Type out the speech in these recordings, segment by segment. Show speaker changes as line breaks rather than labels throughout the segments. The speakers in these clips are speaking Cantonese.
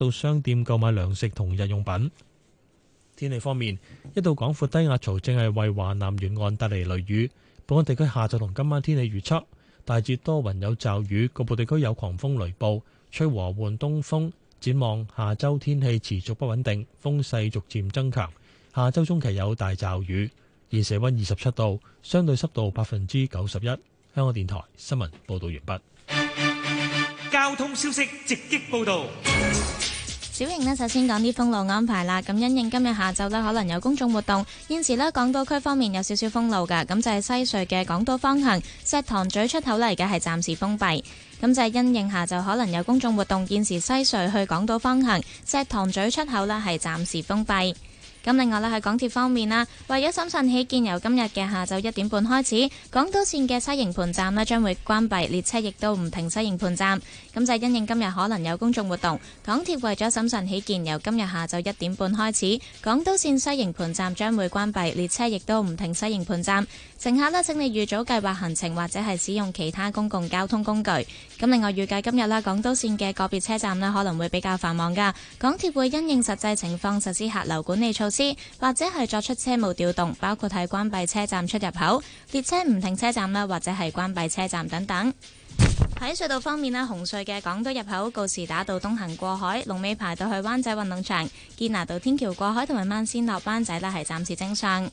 到商店購買糧食同日用品。天氣方面，一道廣闊低壓槽正係為華南沿岸帶嚟雷雨。本港地區下晝同今晚天氣預測，大致多雲有驟雨，局部地區有狂風雷暴，吹和緩東風。展望下周天氣持續不穩定，風勢逐漸增強。下周中期有大驟雨。現時溫二十七度，相對濕度百分之九十一。香港電台新聞報道完畢。交通消息直擊報道。
小瑩呢，首先講啲封路安排啦。咁因應今日下晝呢，可能有公眾活動，現時呢，港島區方面有少少封路噶。咁就係、是、西隧嘅港島方向，石塘咀出口呢，而家係暫時封閉。咁就係因應下晝可能有公眾活動，現時西隧去港島方向，石塘咀出口呢，係暫時封閉。咁另外呢，喺港鐵方面啦，為咗審慎起見，由今日嘅下晝一點半開始，港島線嘅西營盤站咧，將會關閉，列車亦都唔停西營盤站。咁就因應今日可能有公眾活動，港鐵為咗審慎起見，由今日下晝一點半開始，港島線西營盤站將會關閉，列車亦都唔停西營盤站。乘客咧，請你預早計劃行程或者係使用其他公共交通工具。咁另外預計今日啦，港島線嘅個別車站咧，可能會比較繁忙噶港鐵會因應實際情況實施客流管理措。或者係作出車務調動，包括係關閉車站出入口、列車唔停車站啦，或者係關閉車站等等。喺隧道方面咧，紅隧嘅港島入口告士打道東行過海，龍尾排到去灣仔運動場；建拿道天橋過海同埋慢綫落灣仔呢係暫時正常。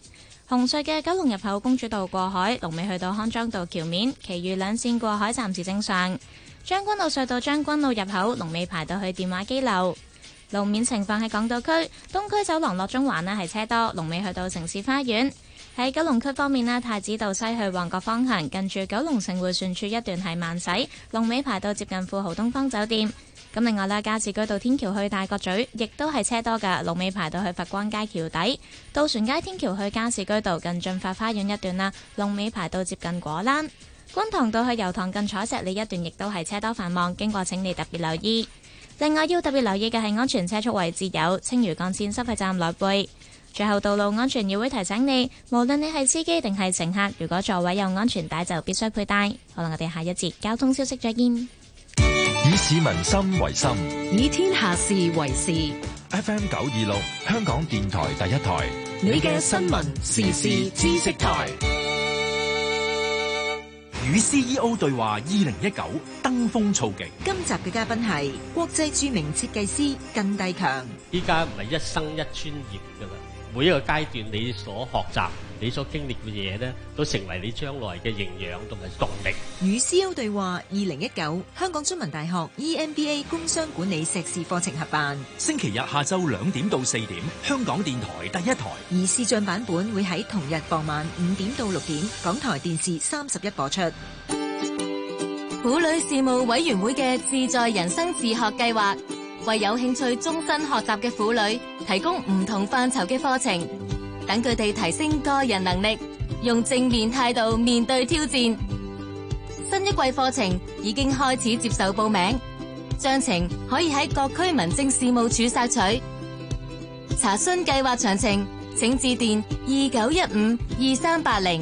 紅隧嘅九龍入口公主道過海，龍尾去到康莊道橋面，其餘兩綫過海暫時正常。將軍澳隧道將軍澳入口龍尾排到去電話機樓。路面情況喺港島區東區走廊落中環咧，係車多，龍尾去到城市花園。喺九龍區方面太子道西去旺角方向近住九龍城迴旋處一段係慢駛，龍尾排到接近富豪東方酒店。咁另外呢，加士居道天橋去大角咀亦都係車多嘅，龍尾排到去佛光街橋底。渡船街天橋去加士居道近駿發花園一段啦，龍尾排到接近果欄。觀塘道去油塘近彩石里一段亦都係車多繁忙，經過請你特別留意。另外要特別留意嘅係安全車速位置，有青嶼幹線收費站、來背。最後，道路安全議會提醒你，無論你係司機定係乘客，如果座位有安全帶，就必須佩戴。可能我哋下一節交通消息再見。
以市民心為心，
以天下事為事。
FM 九二六，26，香港電台第一台，
你嘅新聞
時事知識台。
與 CEO 對話
2019登峰造極。
今集嘅嘉賓係國際著名設計師靳埭強。
依家唔係一生一專業噶啦，每一個階段你所學習。你所經歷嘅嘢咧，都成為你將來嘅營養同埋動力。
與 C.O 對話，二零一九香港中文大學 E.M.B.A. 工商管理碩士課程合辦。
星期日下晝兩點到四點，香港電台第一台。
而視像版本會喺同日傍晚五點到六點，港台電視三十一播出。婦女事務委員會嘅自在人生自學計劃，為有興趣終身學習嘅婦女提供唔同範疇嘅課程。等佢哋提升個人能力，用正面態度面對挑戰。新一季課程已經開始接受報名，詳情可以喺各區民政事務處索取。查詢計劃詳情，請致電二九一
五二三八零。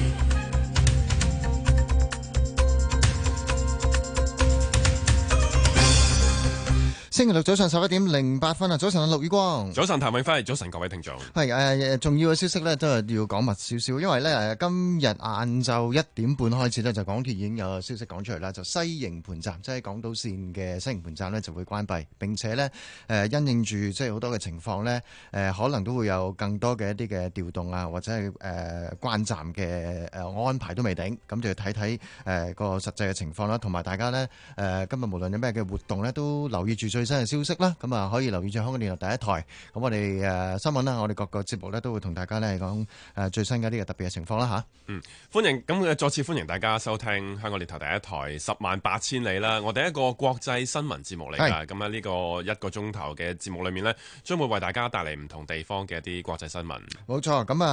星期六早上十一點零八分啊！早晨啊，陸宇光早，
早晨譚永輝，早晨各位聽眾。
係誒、呃，重要嘅消息咧，都係要講密少少，因為咧今日晏晝一點半開始咧，就港鐵已經有消息講出嚟啦，就西營盤站，即、就、係、是、港島線嘅西營盤站咧就會關閉，並且咧誒、呃，因應住即係好多嘅情況咧，誒、呃，可能都會有更多嘅一啲嘅調動啊，或者係誒、呃、關站嘅誒安排都未定，咁就要睇睇誒個實際嘅情況啦。同埋大家咧誒、呃，今日無論有咩嘅活動咧，都留意住最最新嘅消息啦，咁啊可以留意住香港電台第一台。咁我哋誒新聞啦，我哋各個節目咧都會同大家咧講誒最新嘅呢個特別嘅情況啦吓。嗯，
歡迎，咁再次歡迎大家收聽香港電台第一台十萬八千里啦。我哋一個國際新聞節目嚟噶，咁啊是，呢個一個鐘頭嘅節目裏面咧，將會為大家帶嚟唔同地方嘅一啲國際新聞。
冇錯，咁啊、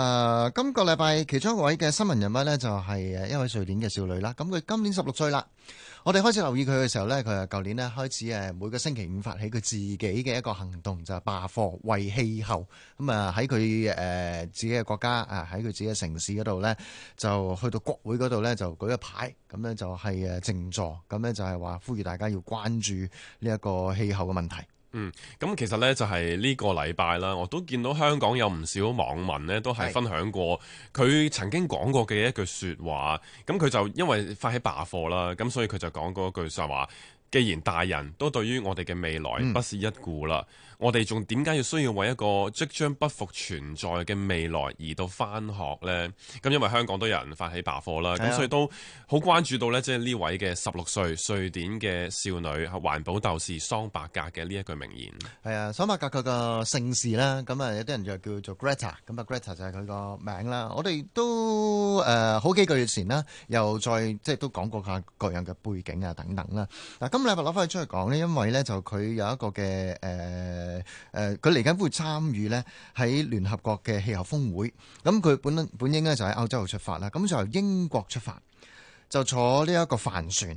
呃，今個禮拜其中一位嘅新聞人物咧就係、是、一位瑞典嘅少女啦。咁佢今年十六歲啦。我哋開始留意佢嘅時候咧，佢係舊年咧開始每個星期五發起佢自己嘅一個行動，就係罷課為氣候。咁啊喺佢自己嘅國家啊，喺佢自己嘅城市嗰度咧，就去到國會嗰度咧就舉一牌，咁咧就係誒靜坐，咁咧就係話呼籲大家要關注呢一個氣候嘅問題。
嗯，咁其實呢，就係呢個禮拜啦，我都見到香港有唔少網民呢，都係分享過佢曾經講過嘅一句說話，咁佢就因為發起罷課啦，咁所以佢就講過一句說話，既然大人都對於我哋嘅未來不是一顧啦。嗯我哋仲點解要需要為一個即將不復存在嘅未來而到翻學咧？咁因為香港都有人發起罷課啦，咁所以都好關注到咧，即係呢位嘅十六歲瑞典嘅少女環保鬥士桑伯格嘅呢一句名言。
係啊，桑伯格佢個姓氏啦，咁啊有啲人就叫做 Greta，咁啊 Greta 就係佢個名啦。我哋都誒好、呃、幾個月前啦，又再即係都講過下各樣嘅背景啊等等啦。嗱，今日禮拜攞翻去出去講呢，因為咧就佢有一個嘅誒。呃誒誒，佢嚟緊會參與咧喺聯合國嘅氣候峰會，咁佢本本應咧就喺歐洲度出發啦，咁就由英國出發，就坐呢一個帆船，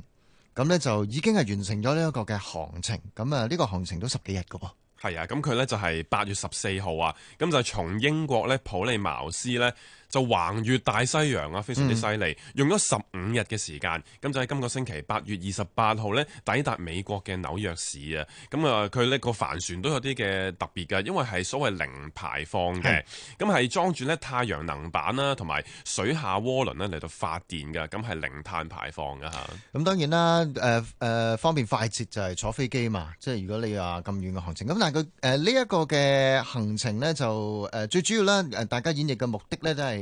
咁呢就已經係完成咗呢一個嘅航程。咁啊呢個航程都十幾日噶噃，
係啊，咁佢呢就係八月十四號啊，咁就從英國咧普利茅斯呢。就橫越大西洋啊，非常之犀利，用咗十五日嘅時間，咁、嗯、就喺今個星期八月二十八號呢，抵達美國嘅紐約市啊！咁啊，佢呢個帆船都有啲嘅特別㗎，因為係所謂零排放嘅，咁係、嗯、裝住呢太陽能板啦，同埋水下渦輪呢嚟到發電㗎，咁係零碳排放㗎吓。
咁當然啦，誒、呃、誒方便快捷就係坐飛機嘛，即、就、係、是、如果你話咁遠嘅行程。咁但係佢誒呢一個嘅行程呢，就、呃、誒最主要呢，誒大家演繹嘅目的呢，都係。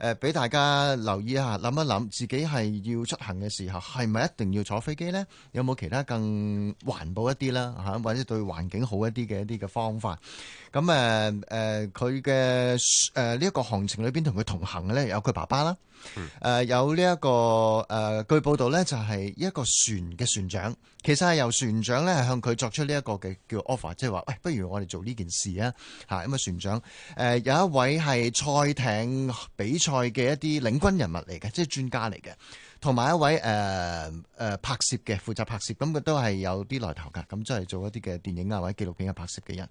誒俾大家留意一下，諗一諗自己係要出行嘅時候，係咪一定要坐飛機咧？有冇其他更環保一啲啦？吓或者對環境好一啲嘅一啲嘅方法？咁誒誒佢嘅誒呢一個行程裏邊同佢同行嘅咧，有佢爸爸啦，誒、嗯呃、有呢、這、一個誒、呃、據報道咧，就係一個船嘅船長，其實係由船長咧係向佢作出呢一個嘅叫 offer，即係話喂，不如我哋做呢件事啊吓咁啊船長誒、呃、有一位係賽艇比賽。賽嘅一啲領軍人物嚟嘅，即係專家嚟嘅，同埋一位誒誒、呃呃、拍攝嘅，負責拍攝，咁佢都係有啲來頭㗎，咁即係做一啲嘅電影啊或者紀錄片嘅拍攝嘅人，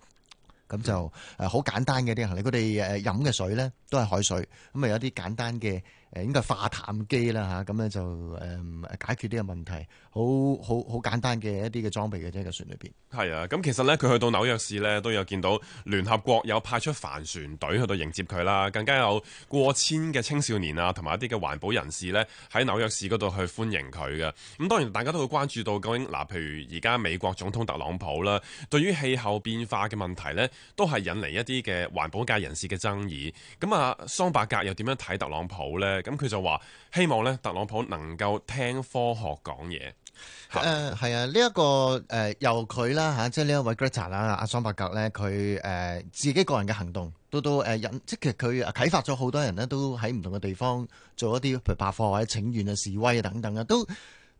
咁是的 就誒好簡單嘅啲行李，佢哋誒飲嘅水咧都係海水，咁啊有啲簡單嘅。誒應該化痰機啦嚇，咁咧就誒、嗯、解決呢個問題，好好好簡單嘅一啲嘅裝備嘅啫，這個船裏邊。
係啊，咁其實呢，佢去到紐約市呢，都有見到聯合國有派出帆船隊去到迎接佢啦，更加有過千嘅青少年啊同埋一啲嘅環保人士呢，喺紐約市嗰度去歡迎佢嘅。咁當然大家都會關注到究竟嗱，譬如而家美國總統特朗普啦，對於氣候變化嘅問題呢，都係引嚟一啲嘅環保界人士嘅爭議。咁啊，桑伯格又點樣睇特朗普呢？咁佢就話希望咧，特朗普能夠聽科學講嘢。
誒係、呃、啊，呢一個誒由佢啦嚇，即係呢一位 Greta 啦、啊，阿桑伯格咧，佢誒、呃、自己個人嘅行動，到到誒引，即係其實佢啟發咗好多人呢，都喺唔同嘅地方做一啲，譬如罷課或者請願啊、示威啊等等啊，都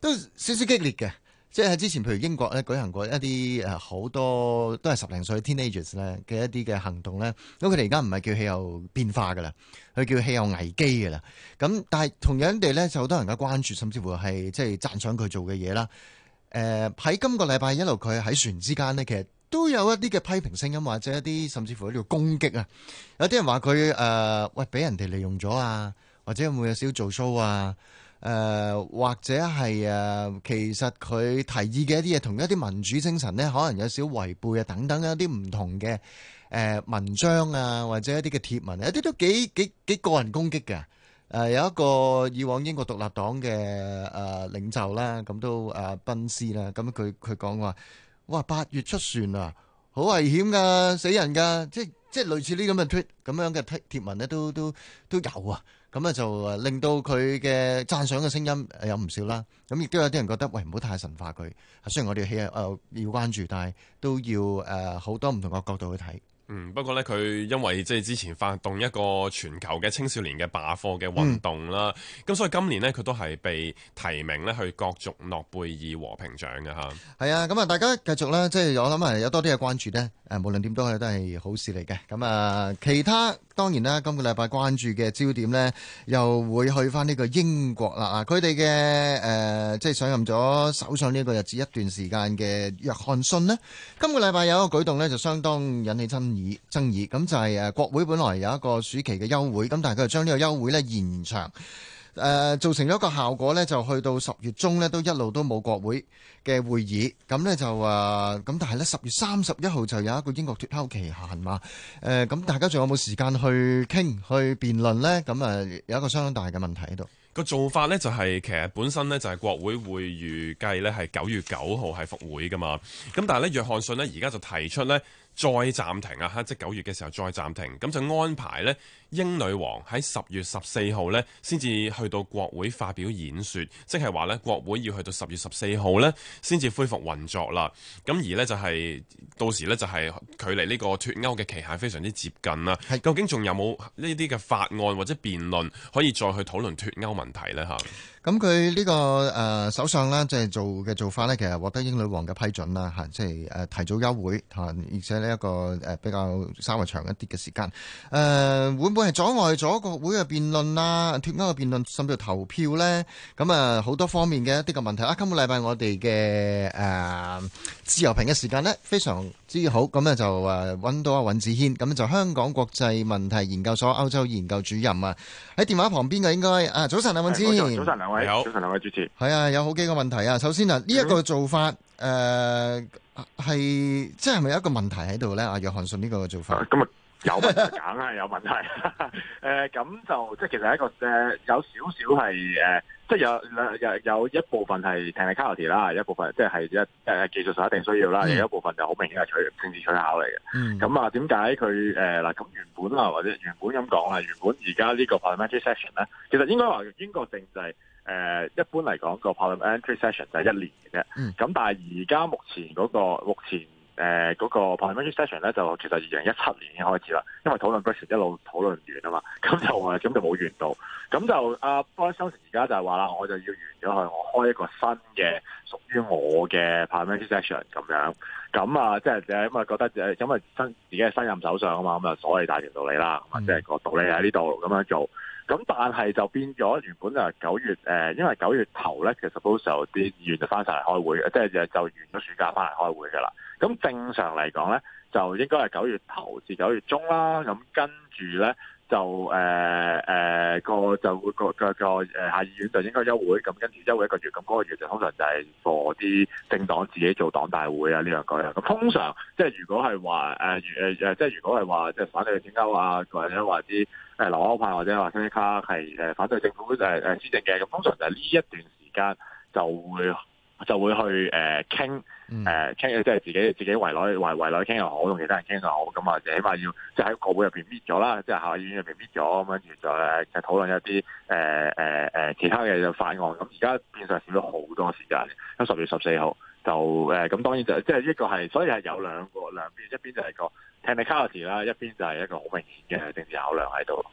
都少少激烈嘅。即係之前，譬如英國咧舉行過一啲好多都係十零歲 teenagers 咧嘅一啲嘅行動咧，咁佢哋而家唔係叫氣候變化㗎啦，佢叫氣候危機㗎啦。咁但係同樣地咧，就好多人嘅關注，甚至乎係即係讚賞佢做嘅嘢啦。誒喺今個禮拜一路佢喺船之間呢，其實都有一啲嘅批評聲音，或者一啲甚至乎叫做攻擊啊。有啲人話佢誒，喂俾人哋利用咗啊，或者有冇有少做 show 啊？誒、呃、或者係誒，其實佢提議嘅一啲嘢，同一啲民主精神咧，可能有少少違背啊，等等一啲唔同嘅誒、呃、文章啊，或者一啲嘅貼文，一啲都幾幾幾個人攻擊㗎。誒、呃、有一個以往英國獨立黨嘅誒、呃、領袖啦，咁都誒賓斯啦，咁佢佢講話，哇八月出船啊，好危險㗎，死人㗎，即即係類似呢啲咁嘅貼咁樣嘅貼文咧，都都都有啊。咁啊就令到佢嘅讚賞嘅聲音有唔少啦。咁亦都有啲人覺得，喂，唔好太神化佢。雖然我哋嘅戲啊要關注，但係都要誒好多唔同嘅角度去睇。
嗯，不過呢，佢因為即係之前發動一個全球嘅青少年嘅罷課嘅運動啦，咁、嗯、所以今年呢，佢都係被提名呢去角逐諾貝爾和平獎嘅嚇。
係啊，咁啊大家繼續啦。即係我諗係有多啲嘅關注呢，誒無論點都係都係好事嚟嘅。咁啊，其他當然啦，今個禮拜關注嘅焦點呢，又會去翻呢個英國啦啊，佢哋嘅即係上任咗首相呢一個日子一段時間嘅約翰遜呢，今個禮拜有一個舉動呢，就相當引起爭爭議，咁就係、是、誒、呃，國會本來有一個暑期嘅休會，咁但係佢就將呢個休會咧延長，誒、呃、造成咗一個效果咧，就去到十月中咧都一路都冇國會嘅會議，咁咧就誒、咁、呃、但係咧十月三十一號就有一個英國脫歐期限嘛，誒、呃、咁大家仲有冇時間去傾去辯論咧？咁誒有一個相當大嘅問題喺度。
個做法咧就係、是、其實本身咧就係國會會預計咧係九月九號係復會噶嘛，咁但係咧約翰遜呢而家就提出咧，再暫停啊！即九月嘅時候再暫停，咁就安排呢英女王喺十月十四號呢先至去到國會發表演説，即係話呢國會要去到十月十四號呢先至恢復運作啦。咁而呢就係到時呢，就係距離呢個脱歐嘅期限非常之接近啦。究竟仲有冇呢啲嘅法案或者辯論可以再去討論脱歐問題呢？嚇！
咁佢、這個呃、呢個誒首相啦即係做嘅做法呢，其實獲得英女王嘅批准啦、啊、即係誒、啊、提早休會，啊、而且呢，一個誒、啊、比較稍微長一啲嘅時間。誒、啊、會唔會係阻礙咗國會嘅辯論啦脱、啊、歐嘅辯論，甚至投票呢？咁啊好多方面嘅一啲嘅問題。啊，今個禮拜我哋嘅誒自由評嘅時間呢，非常之好，咁、啊、咧就誒揾到阿尹子軒，咁就香港國際問題研究所歐洲研究主任啊，喺電話旁邊嘅應該啊，早晨啊，尹子
有，兩位主持。
係啊，有好幾個問題啊。首先啊，呢一、嗯、個做法，誒、呃、係即係咪有一個問題喺度咧？阿約翰遜呢個做法。咁啊、嗯嗯 呃，有
梗係有問題誒咁就即其實一個誒有少少即有有有一部分係 technicality 啦，一部分即係一技術上一定需要啦，有一部分就好明顯係取政治取巧嚟嘅。呃、嗯。咁、嗯、啊，點解佢誒嗱咁原本啊或者原本咁講啊，原本而家呢個 parliamentary session 咧，其實應該該話英國政制。誒，一般嚟講個 parliament entry session 就係一年嘅啫，咁但係而家目前嗰、嗰個目前。誒嗰、呃那個 Parliament session 咧，就其實二零一七年已經開始啦，因為討論不斷，一路討論完啊嘛，咁就咁就冇完到，咁就阿龐而家就係話啦，我就要完咗佢，我開一個新嘅屬於我嘅 Parliament session 咁樣，咁啊即係因啊覺得誒、啊，因為新自己係新任首相啊嘛，咁啊所謂大條道理啦，咁啊即係個道理喺呢度咁樣做，咁但係就變咗原本就係九月誒、呃，因為九月頭咧，其實嗰時候啲議員就翻晒嚟開會，即係就完咗暑假翻嚟開會噶啦。咁正常嚟講咧，就應該係九月頭至九月中啦。咁跟住咧，就誒誒個就會個個個、呃、下議院就應該休會。咁跟住休會一個月，咁、那、嗰個月就通常就係畀啲政黨自己做黨大會啊呢樣嘢啦。咁通常即係、就是、如果係話即係如果係話即係反對脫歐啊，或者話啲誒留歐派或者話親啲卡係反對政府誒係施政嘅，咁通常就係呢一段時間就會。就會去誒傾，誒傾即係自己自己圍來圍來傾又好，同其他人傾又好，咁啊，就起碼要即喺個會入面搣咗啦，即係下院入面搣咗，咁樣住就就討論一啲誒、呃呃、其他嘅嘅法案。咁而家變相少咗好多時間。咁十月十四號就誒，咁當然就即係一個係，所以係有兩個兩邊，一邊就係個聽 l 卡 t y 啦，一邊就係一個好明顯嘅政治考量喺度。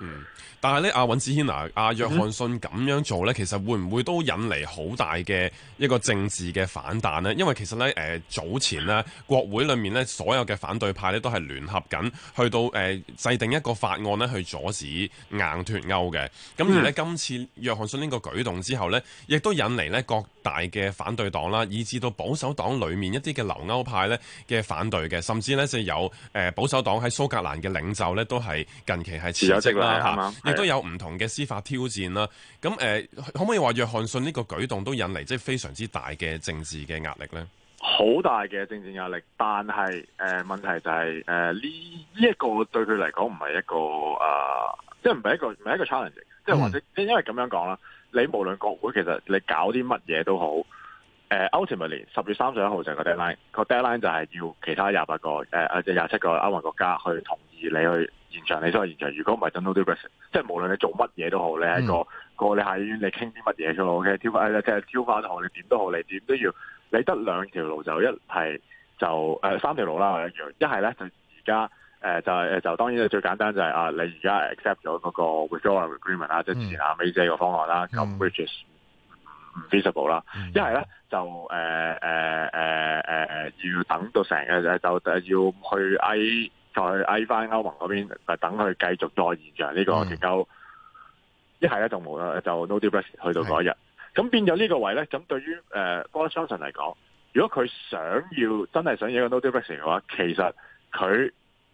嗯，
但係咧，阿尹梓軒嗱，阿、啊、約翰遜咁樣做呢，嗯、其實會唔會都引嚟好大嘅一個政治嘅反彈呢？因為其實呢，誒、呃、早前呢，國會裏面呢，所有嘅反對派呢，都係聯合緊去到誒、呃、制定一個法案呢，去阻止硬脫歐嘅。咁、嗯、而呢，今次約翰遜呢個舉動之後呢，亦都引嚟呢各大嘅反對黨啦，以至到保守黨裏面一啲嘅留歐派呢嘅反對嘅，甚至呢，就有誒、呃、保守黨喺蘇格蘭嘅領袖呢，都係近期係辭職啦。亦都有唔同嘅司法挑戰啦，咁誒、呃，可唔可以話約翰遜呢個舉動都引嚟即係非常之大嘅政治嘅壓力咧？
好大嘅政治壓力，但係誒、呃、問題就係誒呢呢一個對佢嚟講唔係一個啊，即係唔係一個唔係一個 challenge，即係或者即因因為咁樣講啦，你無論國會其實你搞啲乜嘢都好，誒 ultimately 十月三十一號就係個 deadline，個 deadline 就係要其他廿八個誒啊即係廿七個歐盟國家去同。而你去現場，你所謂現場。如果唔係，真都啲嘅，即係無論你做乜嘢都好，你係個個你喺下院，你傾啲乜嘢都好。O K. 挑誒即係挑翻好，你點都好，你點都要。你得兩條路，就一係就誒、呃、三條路啦，一樣。一係咧就而家誒就係就當然最簡單就係、是、啊，你而家 accept 咗嗰個 withdrawal agreement 啦、嗯，即係前阿美姐個方案啦，咁、嗯、which is 唔 visible 啦、嗯。一係咧就誒誒誒誒要等到成日誒就、呃、要去再嗌翻歐盟嗰邊，等佢繼續再延長呢、呃嗯、果個，研究，一係咧就冇啦，就 No Deal Brexit 去到嗰日。咁變咗呢個位咧，咁對於誒 Boris Johnson 嚟講，如果佢想要真係想影個 No Deal Brexit 嘅話，其實佢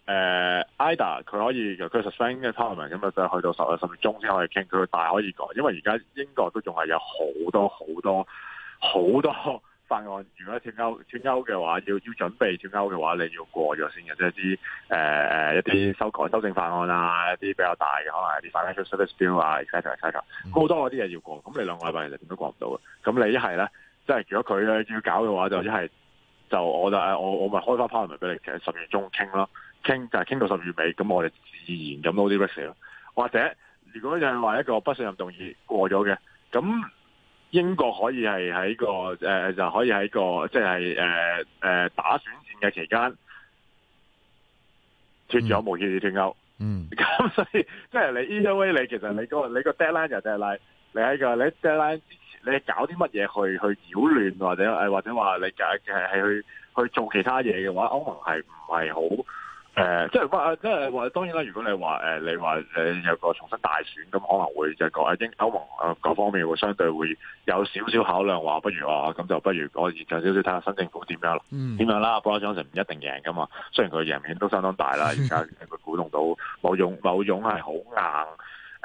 ida 佢可以佢 suspend 嘅 time 咁啊，就去到十月，十月中先可以傾。佢大可以講，因為而家英國都仲係有好多好多好多。很多很多法案如果脱歐脱歐嘅話，要要準備脱歐嘅話，你要過咗先嘅，即係啲誒誒一啲修改修正法案啊，一啲比較大嘅，可能係啲 financial services 啊，etc etc，好多嗰啲嘢要過，咁你兩個禮拜其實點都過唔到嘅，咁你一係咧，即係如果佢要搞嘅話，就一係就我就誒我我咪開翻 parliament 咪俾你，其實十月中傾咯，傾就係傾到十月尾，咁我哋自然咁攞啲 budget 咯，或者如果就係話一個不信任動議過咗嘅，咁。英國可以係喺個誒，就、呃、可以喺個即係誒誒打選戰嘅期間脱咗無條件脱歐。嗯，咁 所以即係你 either way，你其實你、你個你個 deadline 就 deadline，你喺個你 deadline 你搞啲乜嘢去去擾亂或者誒或者話你搞嘅係係去去做其他嘢嘅話，可能係唔係好？誒，即係話，即係話，當然啦。如果你話誒、呃，你話誒、呃、有個重新大選，咁可能會一個阿英歐盟、呃、各方面會相對會有少少考量，話不如話咁、啊、就不如我而就少少睇下新政府點樣咯，點、嗯、樣啦。波阿張成唔一定贏噶嘛，雖然佢贏面都相當大啦，而家佢鼓動到某種某種係好硬誒、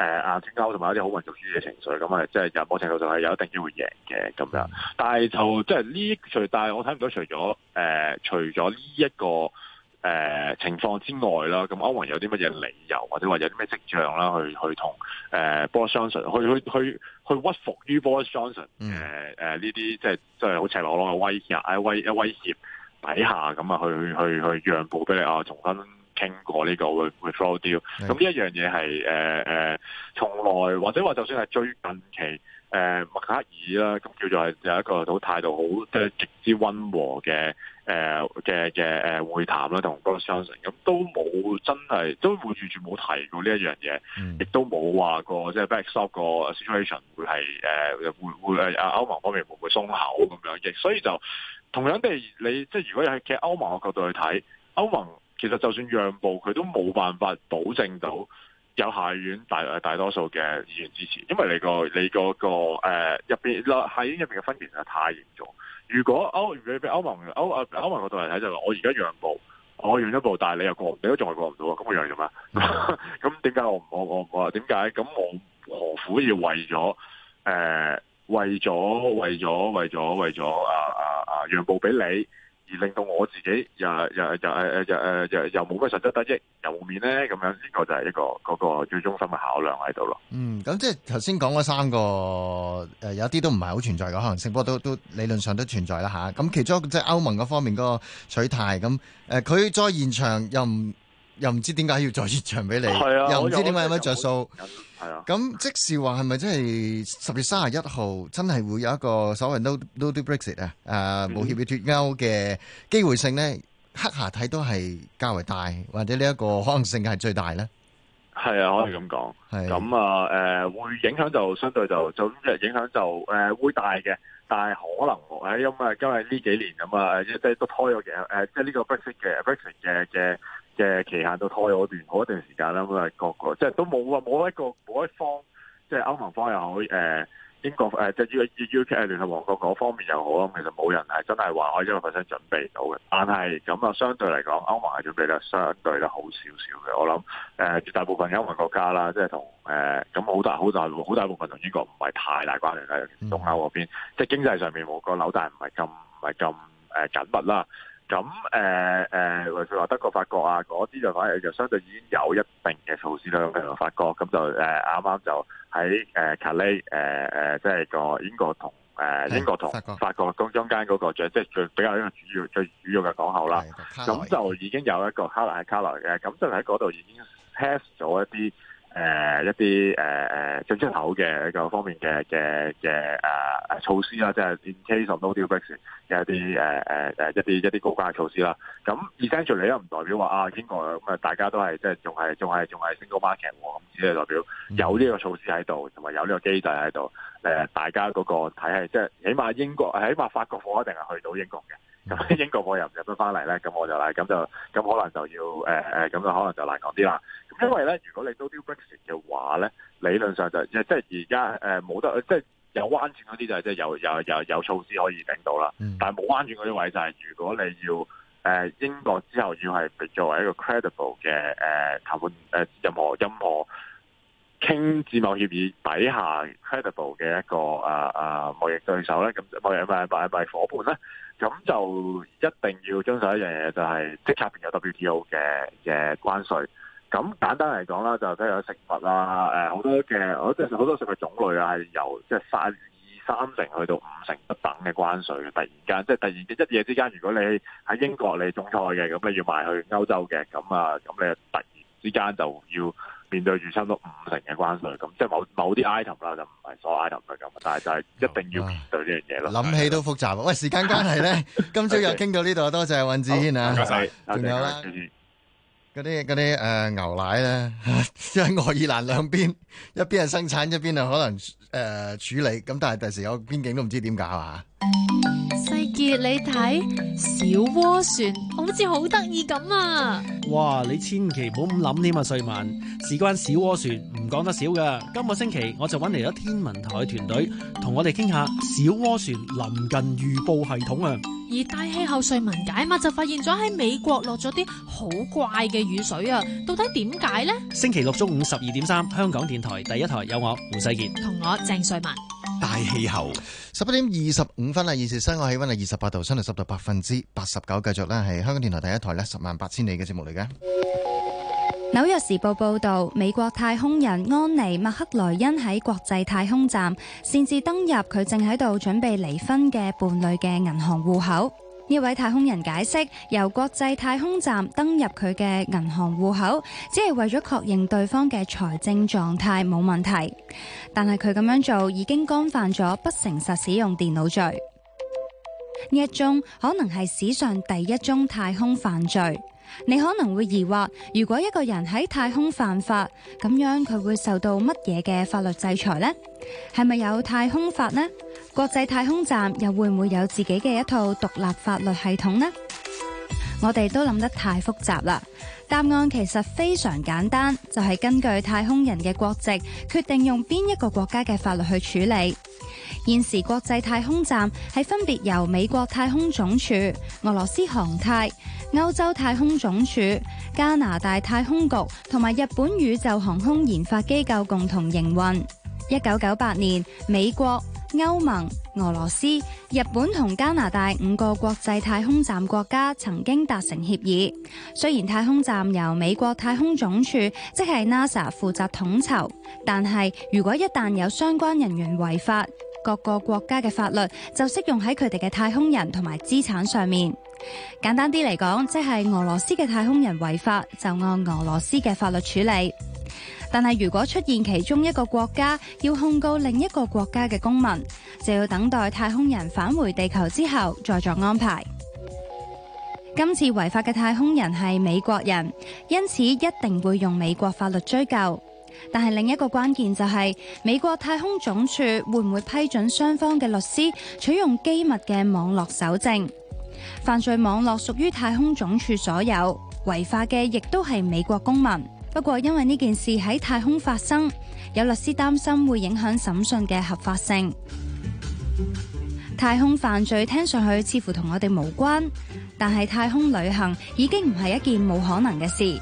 呃、硬天勾同埋一啲好民族主義情緒，咁啊即係有某程度上係有一定機會贏嘅咁樣。嗯、但係就即係呢除，但係我睇唔到除咗誒、呃，除咗呢一個。誒、呃、情況之外啦，咁歐文有啲乜嘢理由，或者話有啲咩跡象啦，去去同誒、呃、Boris Johnson 去去去去屈服於 Boris Johnson 誒，呢啲即係即係好赤裸裸嘅威嚇，威威，威脅底下咁啊，去去去讓步俾你啊，重新傾過呢、這個會會 fail 掉的。咁呢一樣嘢係誒誒從來或者話就算係最近期。誒，默克爾啦，咁叫做係有一個好態度，好即係極之溫和嘅誒嘅嘅誒會談啦，同嗰個約翰遜咁都冇真係，都完全冇提過呢一樣嘢，亦、嗯、都冇話過即係 backstop 個 situation 會係、呃、會會會歐盟方面會唔會鬆口咁樣，亦所以就同樣地，你即係如果係嘅歐盟嘅角度去睇，歐盟其實就算讓步，佢都冇辦法保證到。有下院大大多數嘅議員支持，因為你個你嗰個，個、呃、入面下院入邊嘅分歧實在太嚴重。如果歐，如果歐盟歐啊歐盟嗰度嚟睇就話，我而家讓步，我讓一步，但係你又過你都仲係過唔到，咁 我讓做咩？咁點解我我我我點解？咁我何苦要為咗誒、呃、為咗為咗為咗為咗啊啊啊讓步俾你？而令到我自己又又又誒誒又誒又又冇乜實質得益，又冇面咧咁樣，呢、呢個就係一個嗰個,個最中心嘅考量喺度咯。嗯，
咁即係頭先講嗰三個誒、呃，有啲都唔係好存在嘅可能性，不過都都理論上都存在啦嚇。咁、啊、其中即係歐盟嗰方面嗰個取態咁，誒佢再現場又唔。又唔知點解要再現場俾你，又唔知點解有乜着數，係啊。咁即是話係咪即係十月三十一號真係會有一個所謂 no no deal Brexit 啊？誒，無協議脫歐嘅機會性咧，黑下睇都係較為大，或者呢一個可能性係最大咧。
係啊，可以咁講。係咁啊，誒會影響就相對就就影響就誒會大嘅，但係可能喺因為今日呢幾年咁啊，即係都拖咗嘅誒，即係呢個 Brexit 嘅 Brexit 嘅嘅。嘅期限都拖咗段好一段時間啦，各都啊個個即係都冇啊，冇一個冇一方，即係歐盟方又好，誒、呃、英國誒即係 U UK 聯合王國嗰方面又好啦，其實冇人係真係話可以準備到嘅。但係咁啊，相對嚟講，歐盟係準備得相對得好少少嘅。我諗誒、呃，絕大部分歐盟國家啦，即係同誒咁好大好大好大部分同英國唔係太大關係嘅。東歐嗰邊即係經濟上面冇、那個紐帶，唔係咁唔係咁誒緊密啦。咁誒誒，例話德國、法國啊，嗰啲就反而就相對已經有一定嘅措施啦。譬如話法國，咁就誒啱啱就喺誒卡利誒即係個英國同誒英國同法國中中間嗰個最即係、就是、最比較因為主要最主要嘅港口啦。咁就已經有一個卡 r 喺卡 r 嘅，咁就喺嗰度已經 p a s 咗一啲。誒、呃、一啲誒誒進出口嘅各方面嘅嘅嘅誒誒措施啦，即係 in case of no deal Brexit 嘅一啲誒誒誒一啲一啲高關嘅措施啦。咁 emergency 又唔代表話啊英國咁啊大家都係即係仲係仲係仲係 single market 喎。咁只係代表有呢個措施喺度，同埋有呢個機制喺度。誒、呃、大家嗰個睇係即係起碼英國起碼法國貨一定係去到英國嘅。咁英國貨又唔入得翻嚟咧，咁我就係咁就咁可能就要誒誒咁就可能就難講啲啦。因為咧，如果你都 do Brexit 嘅話咧，理論上就即係而家誒冇得，即係、呃、有彎轉嗰啲就係即係有有有有措施可以頂到啦。但係冇彎轉嗰啲位就係、是，如果你要誒英國之後要係作為一個 credible 嘅誒談判誒、呃、任何任何傾自貿協議底下 credible 嘅一個啊啊貿易對手咧，咁貿易拜拜伙伴咧，咁、嗯、就一定要遵守一樣嘢，就係即刻入邊有 W T O 嘅嘅關稅。咁簡單嚟講啦，就睇下食物啦。誒好多嘅，我即係好多食物種類啊，係由即係三二三成去到五成不等嘅關稅，突然間，即係突然一夜之間，如果你喺英國你種菜嘅，咁你要賣去歐洲嘅，咁啊，咁你突然之間就要面對住差唔多五成嘅關稅，咁即係某某啲 item 啦，就唔係所有 item 去咁，但係就係一定要面對呢樣嘢咯。
諗起都複雜的喂，時間關係咧， 今朝又傾到呢度， 多謝尹子軒啊，謝謝啦。謝謝嗰啲嗰啲誒牛奶咧，即係 愛爾蘭兩邊，一邊係生產，一邊係可能誒處理，咁但係第時有邊境都唔知點搞啊！
世杰，你睇小渦旋好似好得意咁啊！
哇，
你千祈唔好咁諗添啊，瑞文，事關小渦旋唔講得少噶。今個星期我就揾嚟咗天文台團隊同我哋傾下小渦旋臨近預報系統啊。
而大氣候，瑞文解密就發現咗喺美國落咗啲好怪
嘅雨水啊，到底點解呢？
星期六中午十二點三，3, 香港電台第一台有我胡世杰
同我鄭瑞文。大氣
候，十一點二十五分啊！現時室外氣溫係二十八度，相對濕度十度，百分之八十九。繼續咧係香港電台第一台呢十萬八千里嘅節目嚟嘅。
紐約時報報導，美國太空人安妮麥克萊恩喺國際太空站擅自登入佢正喺度準備離婚嘅伴侶嘅銀行戶口。呢位太空人解釋，由國際太空站登入佢嘅銀行戶口，只係為咗確認對方嘅財政狀態冇問題。但係佢咁樣做已經干犯咗不誠實使用電腦罪。呢一宗可能係史上第一宗太空犯罪。你可能會疑惑，如果一個人喺太空犯法，咁樣佢會受到乜嘢嘅法律制裁呢？係咪有太空法呢？國際太空站又會唔會有自己嘅一套獨立法律系統呢？我哋都諗得太複雜啦。答案其實非常簡單，就係根據太空人嘅國籍，決定用邊一個國家嘅法律去處理。現時國際太空站係分別由美國太空總署、俄羅斯航太、歐洲太空總署、加拿大太空局同埋日本宇宙航空研發機構共同營運。一九九八年，美國、歐盟、俄羅斯、日本同加拿大五個國際太空站國家曾經達成協議。雖然太空站由美國太空總署，即係 NASA 負責統籌，但係如果一旦有相關人員違法，各個國家嘅法律就適用喺佢哋嘅太空人同埋資產上面。簡單啲嚟講，即係俄羅斯嘅太空人違法，就按俄羅斯嘅法律處理。但係如果出現其中一個國家要控告另一個國家嘅公民，就要等待太空人返回地球之後再作安排。今次違法嘅太空人係美國人，因此一定會用美國法律追究。但係另一個關鍵就係美國太空總署會唔會批准雙方嘅律師取用機密嘅網絡搜證？犯罪網絡屬於太空總署所有，違法嘅亦都係美國公民。不過，因為呢件事喺太空發生，有律師擔心會影響審訊嘅合法性。太空犯罪聽上去似乎同我哋無關，但係太空旅行已經唔係一件冇可能嘅事。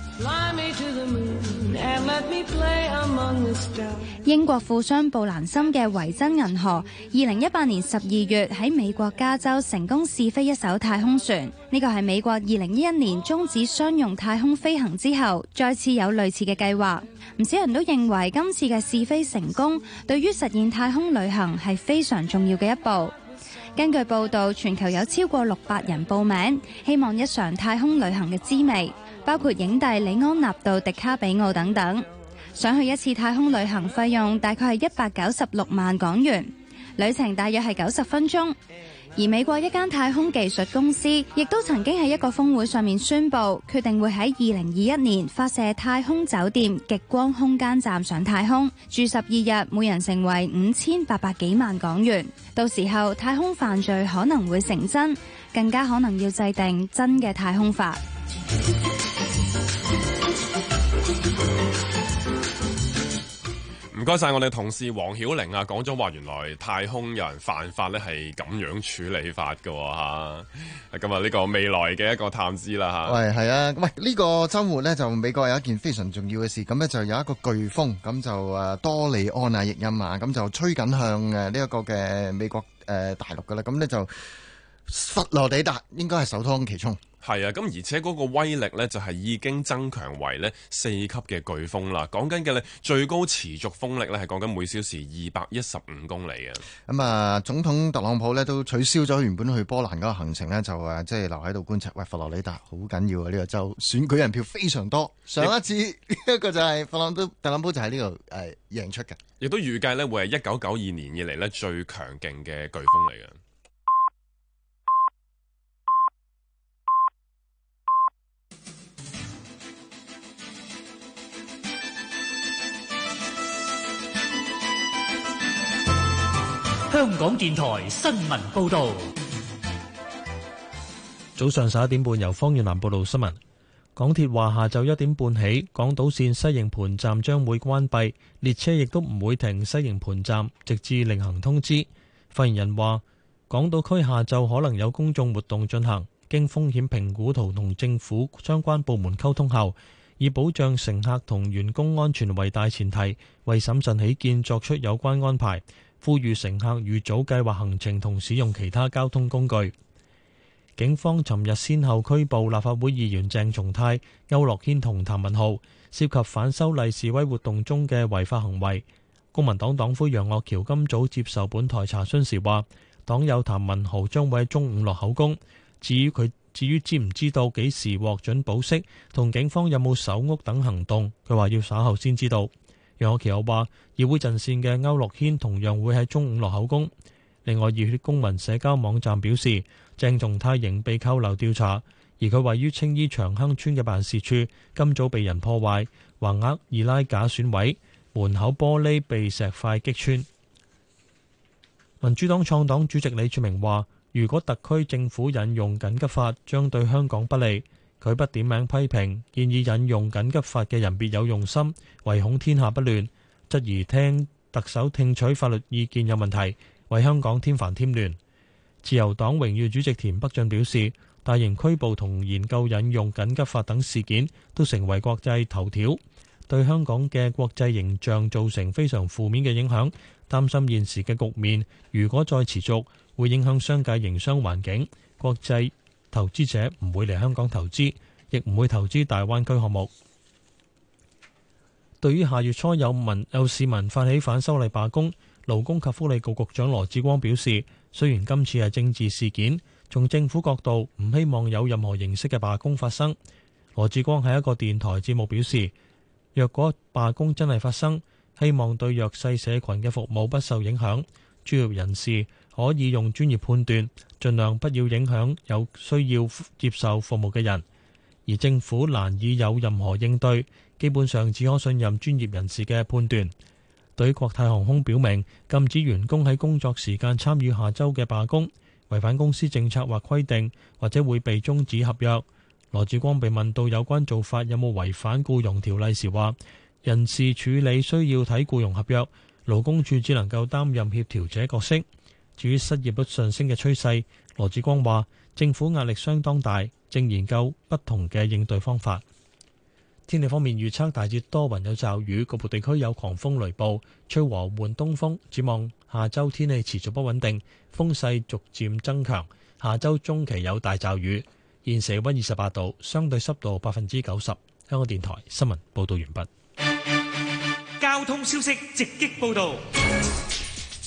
And let me play among the
stars. 英國富商布蘭森嘅維珍銀河，二零一八年十二月喺美國加州成功試飛一艘太空船。呢個係美國二零一一年終止商用太空飛行之後，再次有類似嘅計劃。唔少人都認為今次嘅試飛成功，對於實現太空旅行係非常重要嘅一步。根據報道，全球有超過六百人報名，希望一嘗太空旅行嘅滋味，包括影帝李安納度、迪卡比奧等等。想去一次太空旅行，費用大概係一百九十六萬港元，旅程大約係九十分鐘。而美國一間太空技術公司亦都曾經喺一個峰會上面宣布，決定會喺二零二一年發射太空酒店極光空間站上太空住十二日，每人成為五千八百幾萬港元。到時候太空犯罪可能會成真，更加可能要制定真嘅太空法。
唔該晒，我哋同事黃曉玲啊，講咗話，原來太空有人犯法咧，係咁樣處理法噶吓。咁啊，呢個未來嘅一個探知啦吓。喂，係啊，
喂，這個、呢個周末咧，就美國有一件非常重要嘅事，咁咧就有一個颶風，咁就誒多利安啊，譯音嘛，咁就吹緊向誒呢一個嘅美國誒、呃、大陸噶啦，咁咧就佛羅里達應該係首當其衝。
係啊，咁而且嗰個威力呢，就係已經增強為呢四級嘅颶風啦。講緊嘅呢最高持續風力呢，係講緊每小時二百一十五公里啊。
咁啊，總統特朗普呢都取消咗原本去波蘭嗰個行程呢，就誒即係留喺度觀察。喂，佛羅里達好緊要啊，呢個州選舉人票非常多。上一次呢一你個就係特朗普，特朗普就喺呢度誒贏出嘅。
亦都預計呢會係一九九二年以嚟呢最強勁嘅颶風嚟嘅。
香港電台新聞報道，早上十一點半由方遠南報道新聞。港鐵話下晝一點半起，港島綫西營盤站將會關閉，列車亦都唔會停西營盤站，直至另行通知。發言人話，港島區下晝可能有公眾活動進行，經風險評估圖同政府相關部門溝通後，以保障乘客同員工安全為大前提，為審慎起見作出有關安排。呼籲乘客預早計劃行程同使用其他交通工具。警方尋日先後拘捕立法會議員鄭松泰、歐樂軒同譚文豪，涉及反修例示威活動中嘅違法行為。公民黨黨魁楊岳橋今早接受本台查詢時話，黨友譚文豪將會喺中午落口供，至於佢至於知唔知道幾時獲准保釋，同警方有冇搜屋等行動，佢話要稍後先知道。楊學其又話，議會陣線嘅區諾軒同樣會喺中午落口供。另外，熱血公民社交網站表示，鄭松泰仍被扣留調查，而佢位於青衣長亨村嘅辦事處今早被人破壞，橫額二拉假選位，門口玻璃被石塊擊穿。民主黨創黨主席李柱銘話，如果特區政府引用緊急法，將對香港不利。佢不點名批評，建議引用緊急法嘅人別有用心，唯恐天下不亂，質疑聽特首聽取法律意見有問題，為香港添煩添亂。自由黨榮譽主席田北俊表示，大型拘捕同研究引用緊急法等事件都成為國際頭條，對香港嘅國際形象造成非常負面嘅影響，擔心現時嘅局面如果再持續，會影響商界營商環境、國際。投資者唔會嚟香港投資，亦唔會投資大灣區項目。對於下月初有民有市民發起反修例罷工，勞工及福利局局長羅志光表示，雖然今次係政治事件，從政府角度唔希望有任何形式嘅罷工發生。羅志光喺一個電台節目表示，若果罷工真係發生，希望對弱勢社群嘅服務不受影響。專業人士。可以用專業判斷，盡量不要影響有需要接受服務嘅人。而政府難以有任何應對，基本上只可信任專業人士嘅判斷。對國泰航空表明禁止員工喺工作時間參與下週嘅罷工，違反公司政策或規定，或者會被終止合約。羅志光被問到有關做法有冇違反僱傭條例時，話人事處理需要睇僱傭合約，勞工處只能夠擔任協調者角色。至於失業率上升嘅趨勢，羅致光話：政府壓力相當大，正研究不同嘅應對方法。天氣方面預測大致多雲有驟雨，局部地區有狂風雷暴，吹和緩東風。展望下周天氣持續不穩定，風勢逐漸增強。下周中期有大驟雨。現時氣温二十八度，相對濕度百分之九十。香港電台新聞報導完畢。交通消息直擊報導。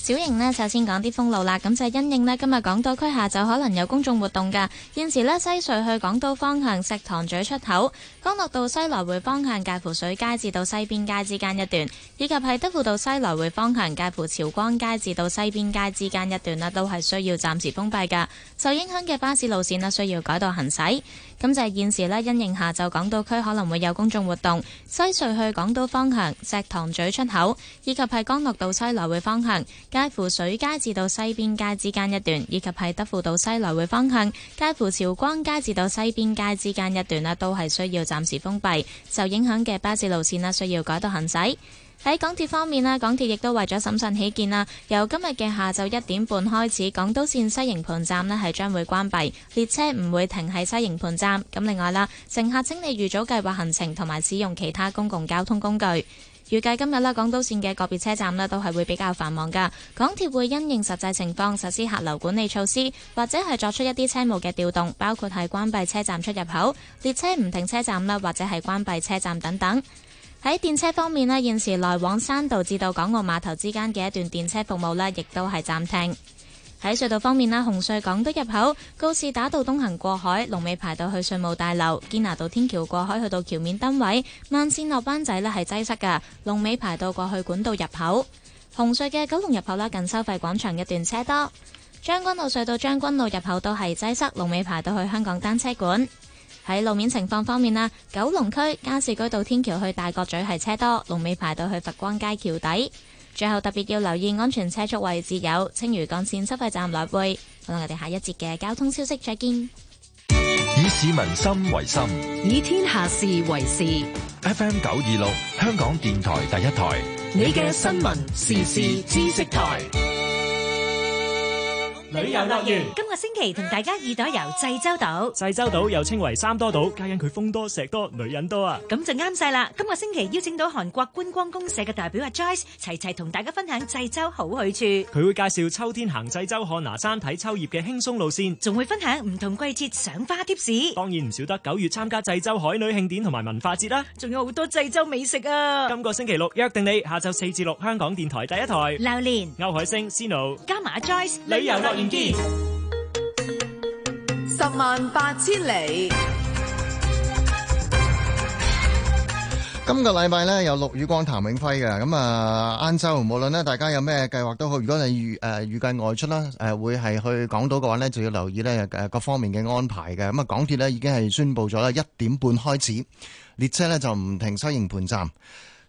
小瑩呢，首先講啲封路啦，咁就係因應呢今日港島區下晝可能有公眾活動㗎。現時呢，西隧去港島方向石塘咀出口、干諾道西來回方向介乎水街至到西邊街之間一段，以及係德輔道西來回方向介乎朝光街至到西邊街之間一段呢都係需要暫時封閉㗎。受影響嘅巴士路線呢，需要改道行駛。咁就係現時呢，因應下晝港島區可能會有公眾活動，西隧去港島方向石塘咀出口，以及係干諾道西來回方向。介乎水街至到西邊街之間一段，以及喺德輔道西來回方向，介乎朝光街至到西邊街之間一段，都係需要暫時封閉，受影響嘅巴士路線啦，需要改道行駛。喺港鐵方面，港鐵亦都為咗審慎起見啦，由今日嘅下晝一點半開始，港島線西營盤站咧係將會關閉，列車唔會停喺西營盤站。咁另外啦，乘客請你預早計劃行程同埋使用其他公共交通工具。預計今日咧，港島線嘅個別車站咧都係會比較繁忙噶。港鐵會因應實際情況實施客流管理措施，或者係作出一啲車務嘅調動，包括係關閉車站出入口、列車唔停車站啦，或者係關閉車站等等。喺電車方面咧，現時來往山道至到港澳碼頭之間嘅一段電車服務咧，亦都係暫停。喺隧道方面啦，紅隧港島入口告士打道東行過海，龍尾排到去稅務大樓；堅拿道天橋過海去到橋面燈位，慢線落班仔呢係擠塞嘅，龍尾排到過去管道入口。紅隧嘅九龍入口啦，近收費廣場一段車多。將軍澳隧道將軍澳入口都係擠塞，龍尾排到去香港單車館。喺路面情況方面啦，九龍區加士居道天橋去大角咀係車多，龍尾排到去佛光街橋底。最後特別要留意安全車速位置，有青嶼幹線收費站內貝。我哋下一節嘅交通消息再見。
以市民心為心，
以天下事為事。
FM 九二六，香港電台第一台，
你嘅新聞時事
知識台。
旅遊樂園，今個星期同大家二度遊濟州島。濟州島又
稱為三多島，皆因佢風多、石多、女人多啊！
咁
就啱晒啦！今個星期邀請到韓國觀光公社嘅代表阿 Joyce，齊齊同大家分享濟州好去處。
佢會介紹秋天行濟州漢拿山睇秋葉嘅輕鬆路線，仲會分享唔同季節賞花貼士。當然唔少得九月參加濟州海女慶典同埋文化節啦！
仲有好多濟州美食啊！
今個星期六約定你下晝四至六，香港電台第一台。
榴槤、歐海星、Sino 加
埋阿 Joyce 旅遊樂園。十萬八千里。
今個禮拜咧有陸宇光、譚永輝嘅，咁啊，晏晝無論咧大家有咩計劃都好，如果你預誒預計外出啦，誒會係去港島嘅話呢，就要留意呢誒各方面嘅安排嘅。咁啊，港鐵呢已經係宣布咗啦，一點半開始列車呢就唔停西營盤站。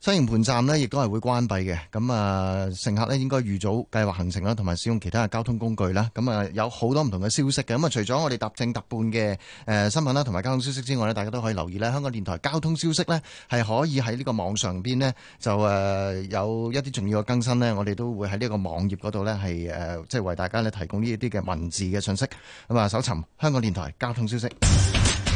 西營盤站呢，亦都係會關閉嘅。咁啊，乘客呢應該預早計劃行程啦，同埋使用其他嘅交通工具啦。咁啊，有好多唔同嘅消息嘅。咁啊，除咗我哋搭正搭半嘅誒新聞啦，同埋交通消息之外呢，大家都可以留意呢香港電台交通消息呢，係可以喺呢個網上邊呢，就誒有一啲重要嘅更新呢。我哋都會喺呢個網頁嗰度呢，係即係為大家呢提供呢一啲嘅文字嘅信息。咁啊，搜尋
香港電台交通消息。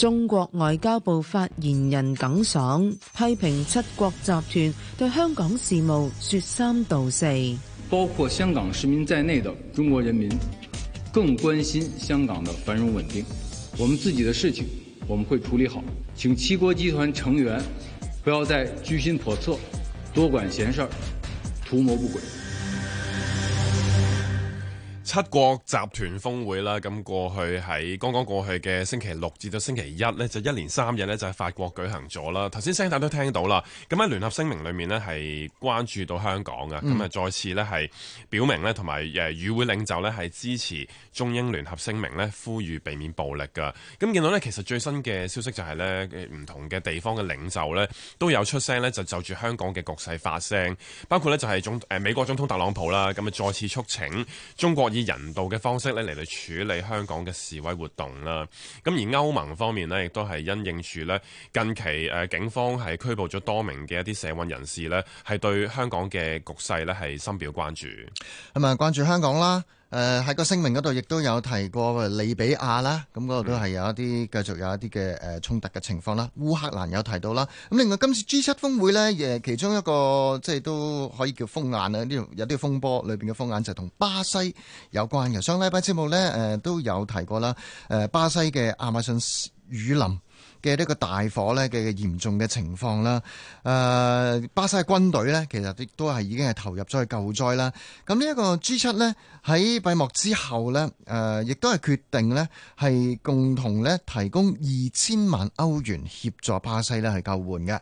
中國外交部發言人耿爽批評七國集團對香港事務說三道四，
包括香港市民在內的中國人民更關心香港的繁
榮穩定。我們自己的事情我們會處理好，請七國集團成員
不要再居心叵測、多管閒事、圖謀不軌。七國集團峰會啦，咁過去喺剛剛過去嘅星期六至到星期一咧，就一連三日咧就喺法國舉行咗啦。頭先聲帶都聽到啦，咁喺聯合聲明裏面咧係關注到香港嘅，咁啊、嗯、再次咧係表明咧同埋誒與會領袖咧係支持中英聯合聲明咧，呼籲避免暴力噶。咁見到咧其實最新嘅消息就係咧唔同嘅地方嘅領袖咧都有出聲咧，就就住香港嘅局勢發聲，包括咧就係總誒、呃、美國總統特朗普啦，咁啊再次促請中國。人道嘅方式咧嚟嚟處理香港嘅示威活動啦，咁而歐盟方面呢，亦都係因應住呢近期誒警方係拘捕咗多名嘅一啲社運人士呢，係對香港嘅局勢呢係深表關注。
咁啊，關注香港啦。誒喺、呃、個聲明嗰度亦都有提過利比亞啦，咁嗰度都係有一啲繼續有一啲嘅誒衝突嘅情況啦。烏克蘭有提到啦，咁另外今次 G 七峰會呢誒其中一個即係都可以叫風眼啦，呢度有啲風波裏面嘅風眼就同巴西有關嘅。上禮拜節目呢，誒、呃、都有提過啦，誒、呃、巴西嘅亞馬遜雨林。嘅呢個大火咧嘅嚴重嘅情況啦，誒巴西軍隊咧其實亦都係已經係投入咗去救災啦。咁呢一個 G7 咧喺閉幕之後咧，誒亦都係決定咧係共同咧提供二千萬歐元協助巴西咧係救援嘅。